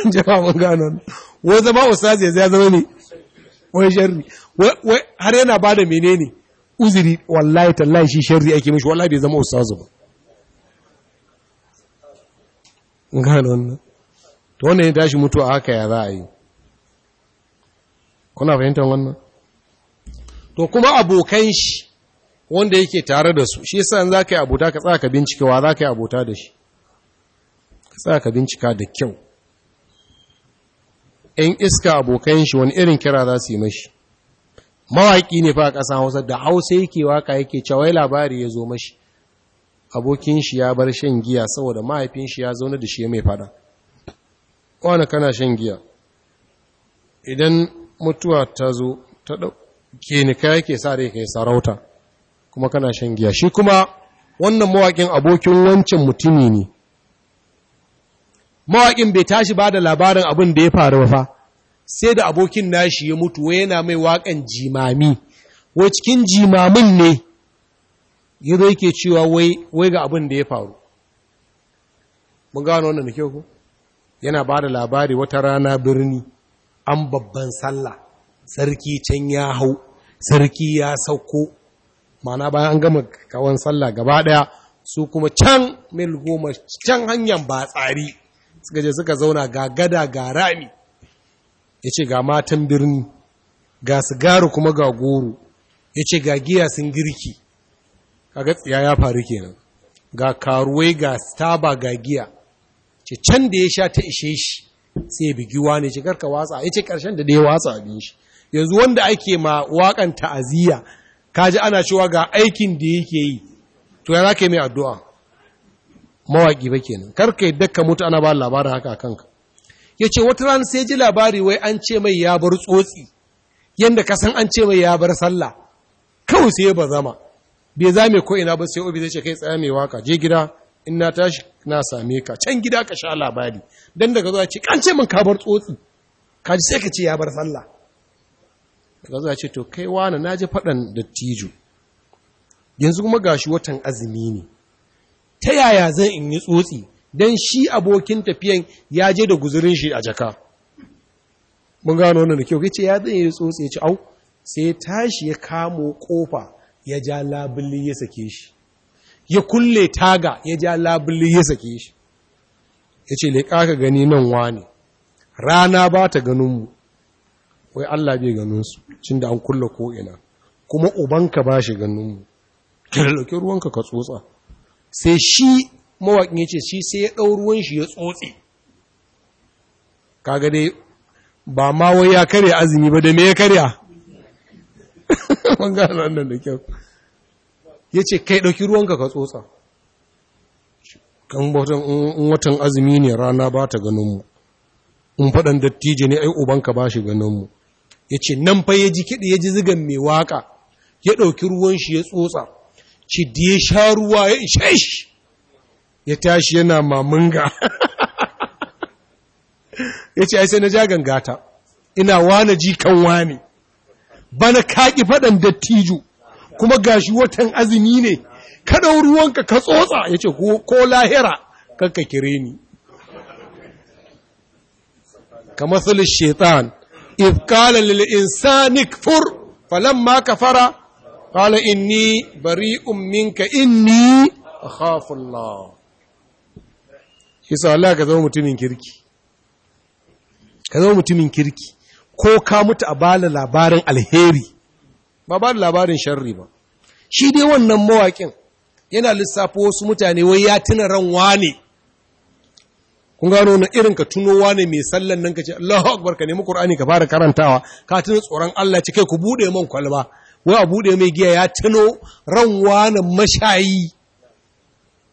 an jama mun gano wai zama ustaz ya zama ne wai sharri wai har yana ba da menene uzuri wallahi tallahi shi sharri ake mishi wallahi bai zama ustaz ba gano wannan to wanda ya tashi mutuwa haka ya za a yi kuna fahimtar wannan to kuma abokan shi wanda yake tare da su shi yasa in za ka yi abota ka tsaka bincikewa za ka yi abota da shi ka tsaka bincika da kyau ‘yan iska abokan shi wani irin kira za su yi mashi mawaƙi ne fa a ƙasa hausa da hausa yake waka yake cawai labari ya zo mashi abokin shi ya bar shan giya saboda mahaifin shi ya zaune da shi mai fada wani kana shan giya idan mutuwa ta zo ta ɗauke ni ka yake sa rai kai sarauta kuma kana shan giya shi kuma wannan mawaƙin abokin wancan mutumi ne mawaƙin bai tashi ba da labarin abin da ya faru ba fa sai da abokin nashi ya mutu wai yana mai waƙan jimami wai cikin jimamin ne yi yake cewa wai ga abin da ya faru mun gano wannan da kyau ku yana ba da labari wata rana birni an babban sallah sarki can ya hau sarki ya sauko mana bayan an gama kawan sallah gaba daya su kuma can mil goma can hanyar ba tsari suka je suka zauna ga gada ga rami ya ce ga matan birni ga sigari kuma ga goro ya ce ga giya sun girki kaga tsiya ya faru kenan ga karuwai ga staba ga giya ce can da ya sha ta ishe shi sai ya ne ce karka watsa ya ce ƙarshen da ya watsa abin shi yanzu wanda ake ma wakan ta'aziyya kaji ana cewa ga aikin da yake yi to ya zaka yi mai addu'a mawaƙi ba kenan karka yadda ka mutu ana ba labarin haka kanka ya ce wata ran sai ji labari wai an ce mai ya bar tsotsi yadda ka san an ce mai ya bar sallah kawai sai ba zama bai zame ko ina ba sai obi zai ce kai tsaya mai waka je gida in na tashi na same ka can gida ka sha labari dan daga zuwa ce kan ce min ka tsotsi ka ji sai ka ce ya bar sallah daga zuwa ce to kai wani na ji faɗan dattijo yanzu kuma gashi watan azumi ne ta yaya zan in yi tsotsi don shi abokin tafiyan ya je da guzurin shi a jaka mun gano wannan da kyau kai ce ya zan yi tsotsi ya ci au sai tashi ya kamo kofa ya ja labule ya sake shi ya kulle taga ya ja labule ya sake shi ya ce leƙa ka gani nan wa ne? rana ba ta ganinmu wai Allah bai ganinsu cin da an kulle ko'ina kuma ubanka ba shi ganinmu da ɗauki ruwanka ka tsotsa sai shi mawaƙin ya ce shi sai ya ɗau ruwan shi ya tsotse kaga dai ba ma wai ya karya azumi ba da me ya karya? Mun nan da kyau. ya ce kai ɗauki ruwanka ka tsotsa kan watan azumi ne rana ba ta ganinmu in faɗan dattijo ne ai ubanka ba shi ganinmu ya ce nan fa ya ji kiɗi ya ji zigan mai waka, ya ɗauki ruwan shi ya tsotsa ci da ya sha ruwa ya ishe shi ya tashi yana mamunga ya ce ai sai na ja gangata ina wane ji kan wane bana kaƙi faɗan dattijo kuma gashi watan azumi ne Kaɗau ruwanka ka tsotsa ya ce ko lahira kanka kire ni ka matsalin shaitan kala lil insani kfur falamma kafara kala inni bari minka inni akhafu Allah yasa Allah ka zama mutumin kirki ka zama mutumin kirki ko ka mutu a bala labarin alheri ba ba da labarin sharri ba shi dai wannan mawaƙin yana lissafo wasu mutane wai ya tuna ran wane kun gano na irin ka tuno wane mai sallan nan ka ce Allah akbar ka nemi Qur'ani ka fara karantawa ka tuna tsoron Allah ce kai ku bude man kwalba wai a bude mai giya ya tuno ran wane mashayi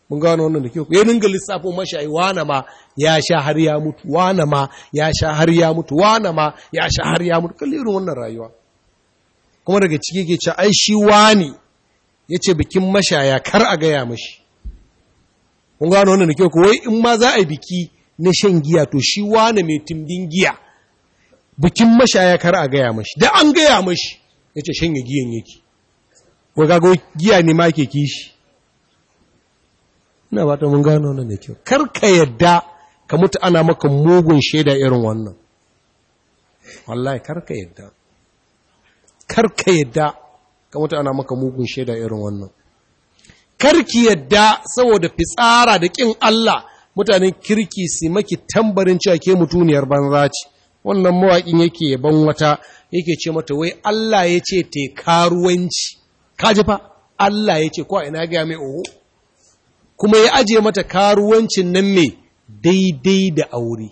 mun gano wannan da kyau ya dinga lissafo mashayi wane ma ya sha har ya mutu wane ma ya sha har ya mutu wane ma ya sha har ya mutu kallon irin wannan rayuwa kuma daga ciki ke ce ai shi wani ya ce bikin mashaya kar a gaya mashi kun gano wannan da kyau ko wai in ma za a yi biki na shan giya to shi wani mai tumbin giya bikin mashaya kar a gaya mashi da an gaya mashi ya ce shanye giyan yake ko kago giya ne ma ke kishi ina ba ta mun gano wannan da kyau kar ka yadda ka mutu ana maka mugun shaida irin wannan wallahi kar ka yadda karka yadda kamata ana maka mugun shaida irin wannan karki yadda saboda fitsara da kin Allah mutanen kirki su maki tambarin cewa ke mutuniyar banza ce wannan mawaƙin yake yaban wata yake ce mata wai Allah ya ce te karuwanci ka ji fa Allah ya ce ko ina ga mai oho kuma ya aje mata karuwancin nan mai daidai da aure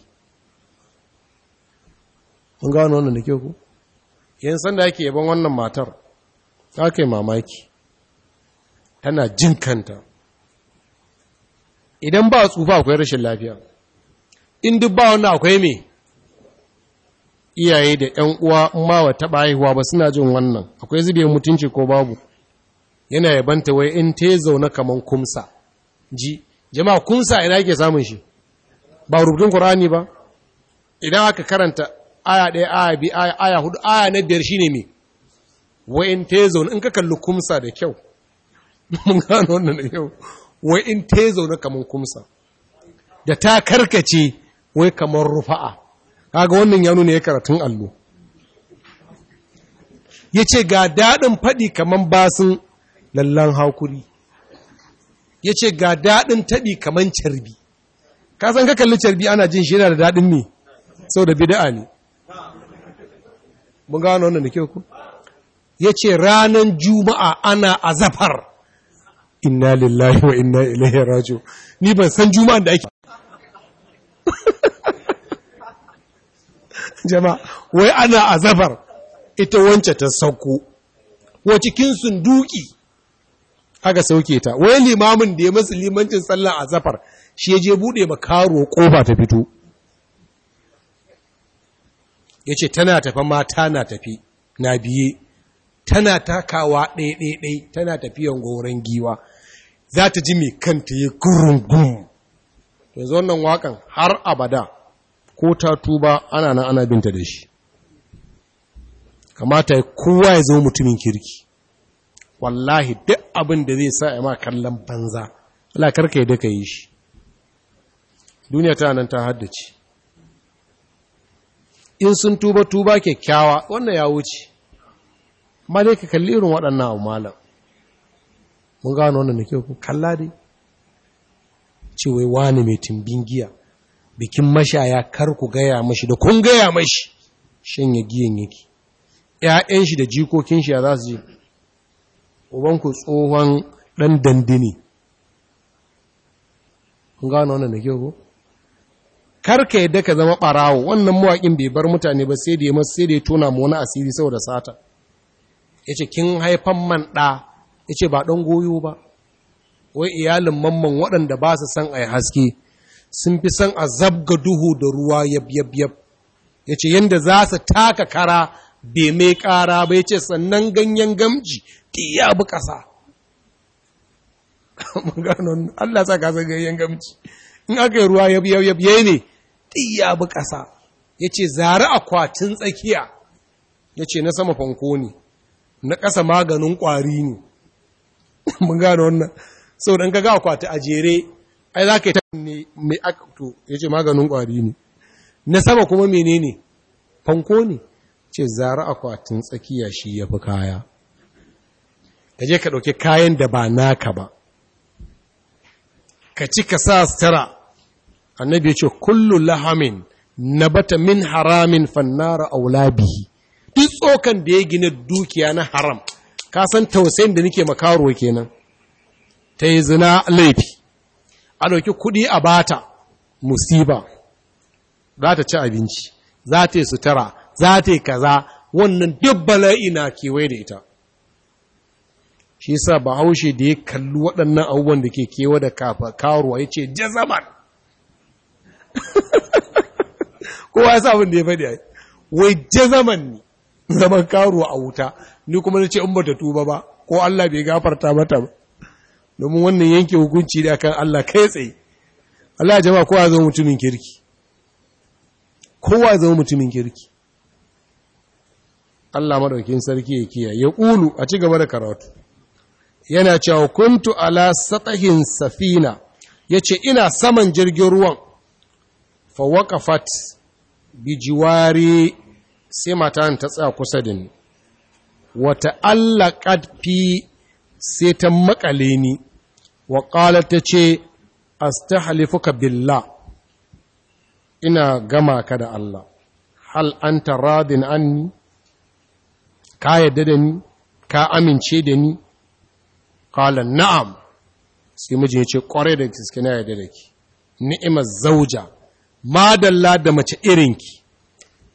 mun ga wannan da ke ku yin sanda ake yaban wannan matar ta kai mamaki tana jin kanta idan ba tsufa akwai rashin lafiya in duk ba wannan akwai me iyaye da ‘yan uwa ma wa taɓa haihuwa ba suna jin wannan akwai zube mutunci ko babu yana yabanta wai in ta zaune kamar kumsa ji jama'a kumsa ina ke samun shi ba rubutun ƙorani ba idan aka karanta aya ɗaya aya bi aya aya hudu aya na biyar shine me wa in tezo in ka kalli kumsa da kyau mun gano wannan da kyau wa in tezo na kaman kumsa da ta karkace wai kamar rufa'a kaga wannan ya nuna ya karatun allo ya ce ga daɗin faɗi kaman basin lallan hakuri ya ce ga daɗin taɓi kaman carbi ka san ka kalli carbi ana jin shi yana da daɗin ne sau da bida'a ne mun gano wannan da ke ku ya ce ranar juma'a ana azafar inna lillahi wa inna ilaihi rajo ni ban san juma'an da ake jama'a wai ana azafar ita wance ta sauko wa cikin sunduki aka sauke ta wai limamin da ya masu limancin sallar azafar shi ya je buɗe makaro ƙofa ta fito ya ce tana tafi mata na tafi na biye tana takawa ɗaiɗaiɗai tana tafiyan goron giwa za ta ji mai kanta ya gurungun yanzu wannan wakan har abada ko ta tuba ana nan ana binta da shi kamata kowa ya zo mutumin kirki wallahi duk abin da zai sa ma kallon banza alakarka ya daka yi shi duniya ta nan ta haddace in sun tuba tuba kyakkyawa wannan ya wuce amma dai ka kalli irin waɗannan abu malam mun gano wannan da ku kalla dai ce wai wani mai timbin giya bikin mashaya kar ku gaya mashi da kun gaya mashi shanye giyan yake ‘ya'yan shi da jikokin shi ya za su ji ubanku tsohon ɗan dandini kun gano wannan da ke ku. kar ka yadda ka zama barawo wannan mawaƙin bai bar mutane ba sai da ya sai da ya tona mu wani asiri saboda sata ya ce kin haifan man ɗa ya ce ba ɗan goyo ba wai iyalin mamman waɗanda ba su san a yi haske sun fi san a zabga duhu da ruwa yab yab yab ya ce yadda za su taka kara bai mai kara ba ya ce sannan ganyen gamji ƙasa Allah sa ka ganyen gamji in aka yi ruwa yab yab yab ne ya bi ƙasa ya ce zari akwatin tsakiya ya ce na sama fanko ne na ƙasa maganin ƙwari ne mun gano wannan sau da gaga akwati a jere ai za ka yi ta ne mai akwato ya ce maganin ƙwari ne na sama kuma menene fanko ne ce zari akwatin tsakiya shi ya fi kaya ka je ka ɗauki kayan da ba naka ba ka ci ka sa sutura annabi ya ce kullu lahamin bata min haramin fannara aulabihi duk tsokan da ya gina dukiya na haram ka san tausayin da nake makaro kenan ta yi zina laifi a ɗauki kuɗi a bata musiba za ta ci abinci za ta yi sutura za ta yi kaza wannan duk bala'i na kewaye da ita shi sa bahaushe da ya kalli waɗannan abubuwan da ke kewa da kafa karuwa ya ce jazamar kowa ya sa abin da ya faɗi ai wai zaman ni zaman karo a wuta ni kuma na ce in bata tuba ba ko Allah bai gafarta mata ba domin wannan yanke hukunci da kan Allah kai tsaye Allah jama'a kowa zama mutumin kirki kowa zama mutumin kirki Allah madaukin sarki ya kiya ya ƙulu a ci gaba da karatu yana cewa kuntu ala satahin safina yace ina saman jirgin ruwan fawakafat bijiwari sai matan ta tsaya kusa da ni wata Allah fi sai ta makale ni wa ƙala ta ce astahlifuka billah ina gama ka da Allah hal anta radin anni ka yadda da ni ka amince da ni ƙala na'am sai mijin ya ce ƙwarai da gaske na yadda da ki ni'imar zauja madalla da mace irinki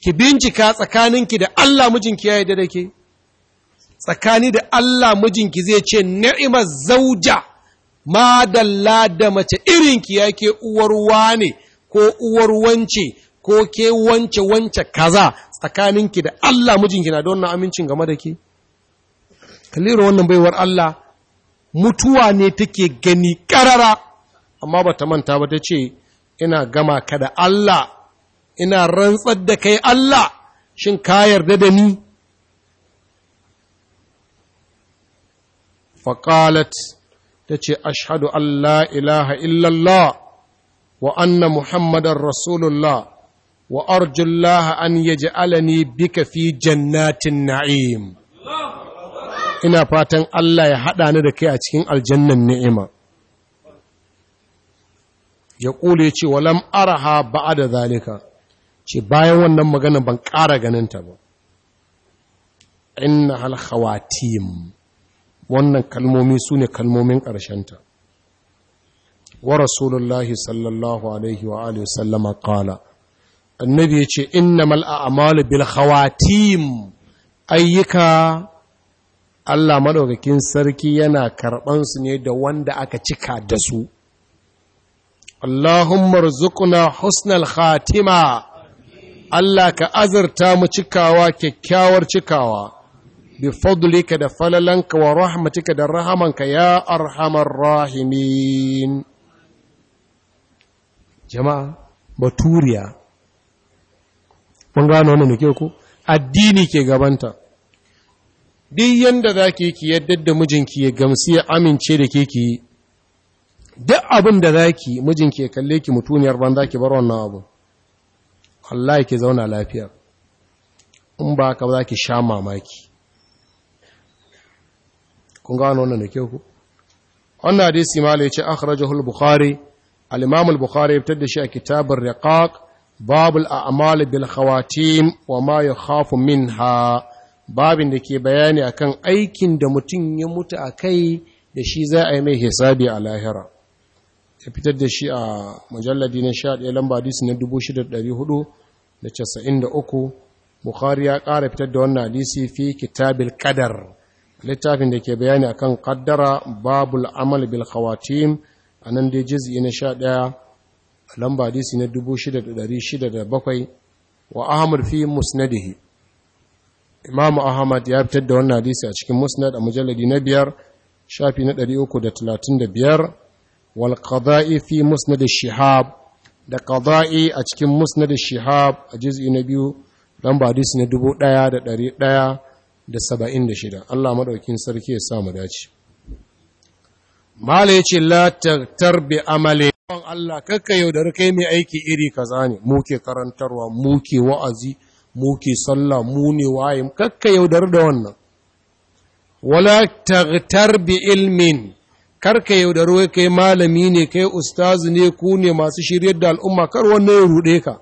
ki bincika tsakaninki da Allah mijinki ya yi da ke tsakani da Allah mijinki zai ce ni'imar zauja madalla da mace irinki ya ke uwar wane ko uwar wance ko ke wance wance kaza tsakaninki da Allah mijinki na da wannan amincin game da ke kallira wannan baiwar Allah mutuwa ne take gani karara amma ba ta manta ba ta ce ina gama ka da Allah ina rantsar da kai Allah shin ka yarda da ni faƙalat ta ce ashadu Allah ilaha illallah wa anna muhammadan rasulullah wa arjullah an yaj'alani bika fi jannatin na'im ina fatan Allah ya haɗa ni da kai a cikin aljannan ni'ima ya ƙule ce walam araha ba'a da zalika ce bayan wannan magana ban ƙara ganin ta ba inna hal khawatim wannan kalmomi su ne kalmomin ta, wa rasulullahi sallallahu alaihi wa alihi sallama qala annabi yace innamal a'malu bil khawatim ayyuka Allah madaukakin sarki yana su ne da wanda aka cika da su Allahumma rzuqna husnal khatima Allah ka azurta mu cikawa kyakkyawar cikawa bi fadlika da falalanka wa rahmatika da rahamanka ya arhamar rahimin jama'a baturiya mun gano wannan ne ku addini ke gabanta duk yadda za ki yadda da mijinki ya gamsu ya amince da ke ki yi. duk abin da za ki mijinki ya kalle ki mutuniyar za ki bar wannan abu Allah ki zauna lafiya in ba ka za ki sha mamaki kun gano wannan da ke ku wannan hadisi ma ya ce akhrajahu al-bukhari al-imam bukhari ya fitar da shi a kitabar riqaq babul a'mal bil khawatim wa ma min ha, babin da ke bayani akan aikin da mutum ya mutu a kai da shi za a yi mai hisabi a lahira ya fitar da shi a mujalladi na 11 lamba hadisi na 6493 bukhari ya ƙara fitar da wannan hadisi fi kitabil qadar littafin da ke bayani akan qaddara babul amal bil khawatim anan dai juz'i na 11 lamba hadisi na 6607 wa ahmad fi musnadihi imam ahmad ya fitar da wannan hadisi a cikin musnad a mujalladi na biyar shafi na 335 wal qada'i fi musnad shihab da qada'i a cikin da shihab a juz'i na biyu lamba hadisi na ɗaya ɗaya da da da saba'in shida, Allah maɗaukin sarki ya sa mu dace mala yace la tagtar bi amali Allah kakka yaudar kai mai aiki iri kaza ne ke karantarwa muke wa'azi muke sallah mu ne waye kakka yaudar da wannan wala tagtar bi ilmin kar ka yaudari kai malami ne kai ustazu ne ku ne masu shiryar da al'umma kar wannan ya ruɗe ka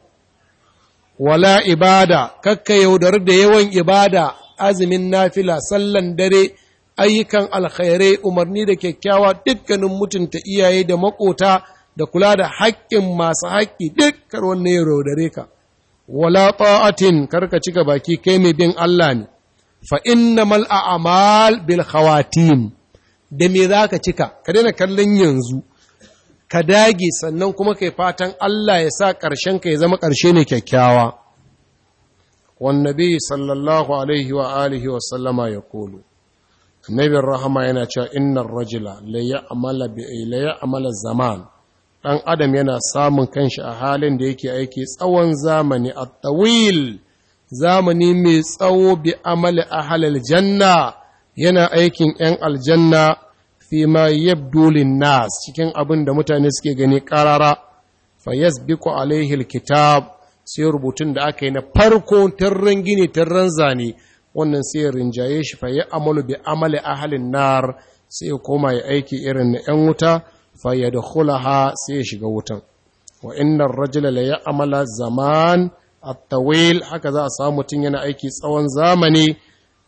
wala ibada kar ka yaudari da yawan ibada azumin nafila sallan dare ayyukan alkhairai umarni da kyakkyawa dukkanin mutunta iyaye da makota da kula da haƙƙin masu haƙƙi duk wannan ya yaudare ka wala ta'atin karka cika baki kai mai bin Allah ne fa innamal a'mal bil khawatim da me za ka cika ka daina kallon yanzu ka dage sannan kuma kai fatan Allah ya sa ƙarshen ka ya zama ƙarshe ne kyakkyawa wannabi sallallahu alaihi wa alihi wa sallama ya kolo annabin rahama yana cewa innar rajila la amala zaman dan adam yana samun kanshi a halin da yake aiki tsawon zamani a tawil zamani mai tsawo bi amali ahlal janna yana aikin ‘yan aljanna fi ma yabdulin nas cikin abin da mutane suke gani ƙarara fa biko, alaihil kitab sai rubutun da aka yi na farko tarren gini tarren zane wannan sai ya rinjaye shi fa ya amalu bi amali ahalin nar sai ya koma ya aiki irin na ‘yan wuta fa ya hulaha sai ya shiga wutan wa innar rajula la ya amala zaman at-tawil haka za a samu mutum yana aiki tsawon zamani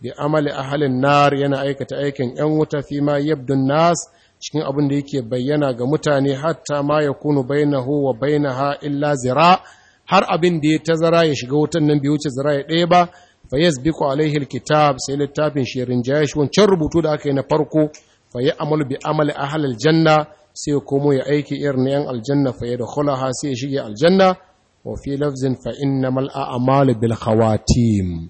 bi amali ahalin nar yana aikata aikin ‘yan wuta fi ma yabdun nas cikin abin da yake bayyana ga mutane hatta ma ya kunu bainahu wa bainaha illa zira har abin da ya tazara ya shiga wutan nan bai wuce zira ya ɗaya ba fa yasbiqu alaihi alkitab sai littafin shi rinjaye wancan rubutu da aka yi na farko fa ya amalu bi amali ahalil janna sai ya komo ya aiki irin yan aljanna fa ya dakhulaha sai ya shige aljanna wa fi lafzin fa innamal a'malu bil khawatim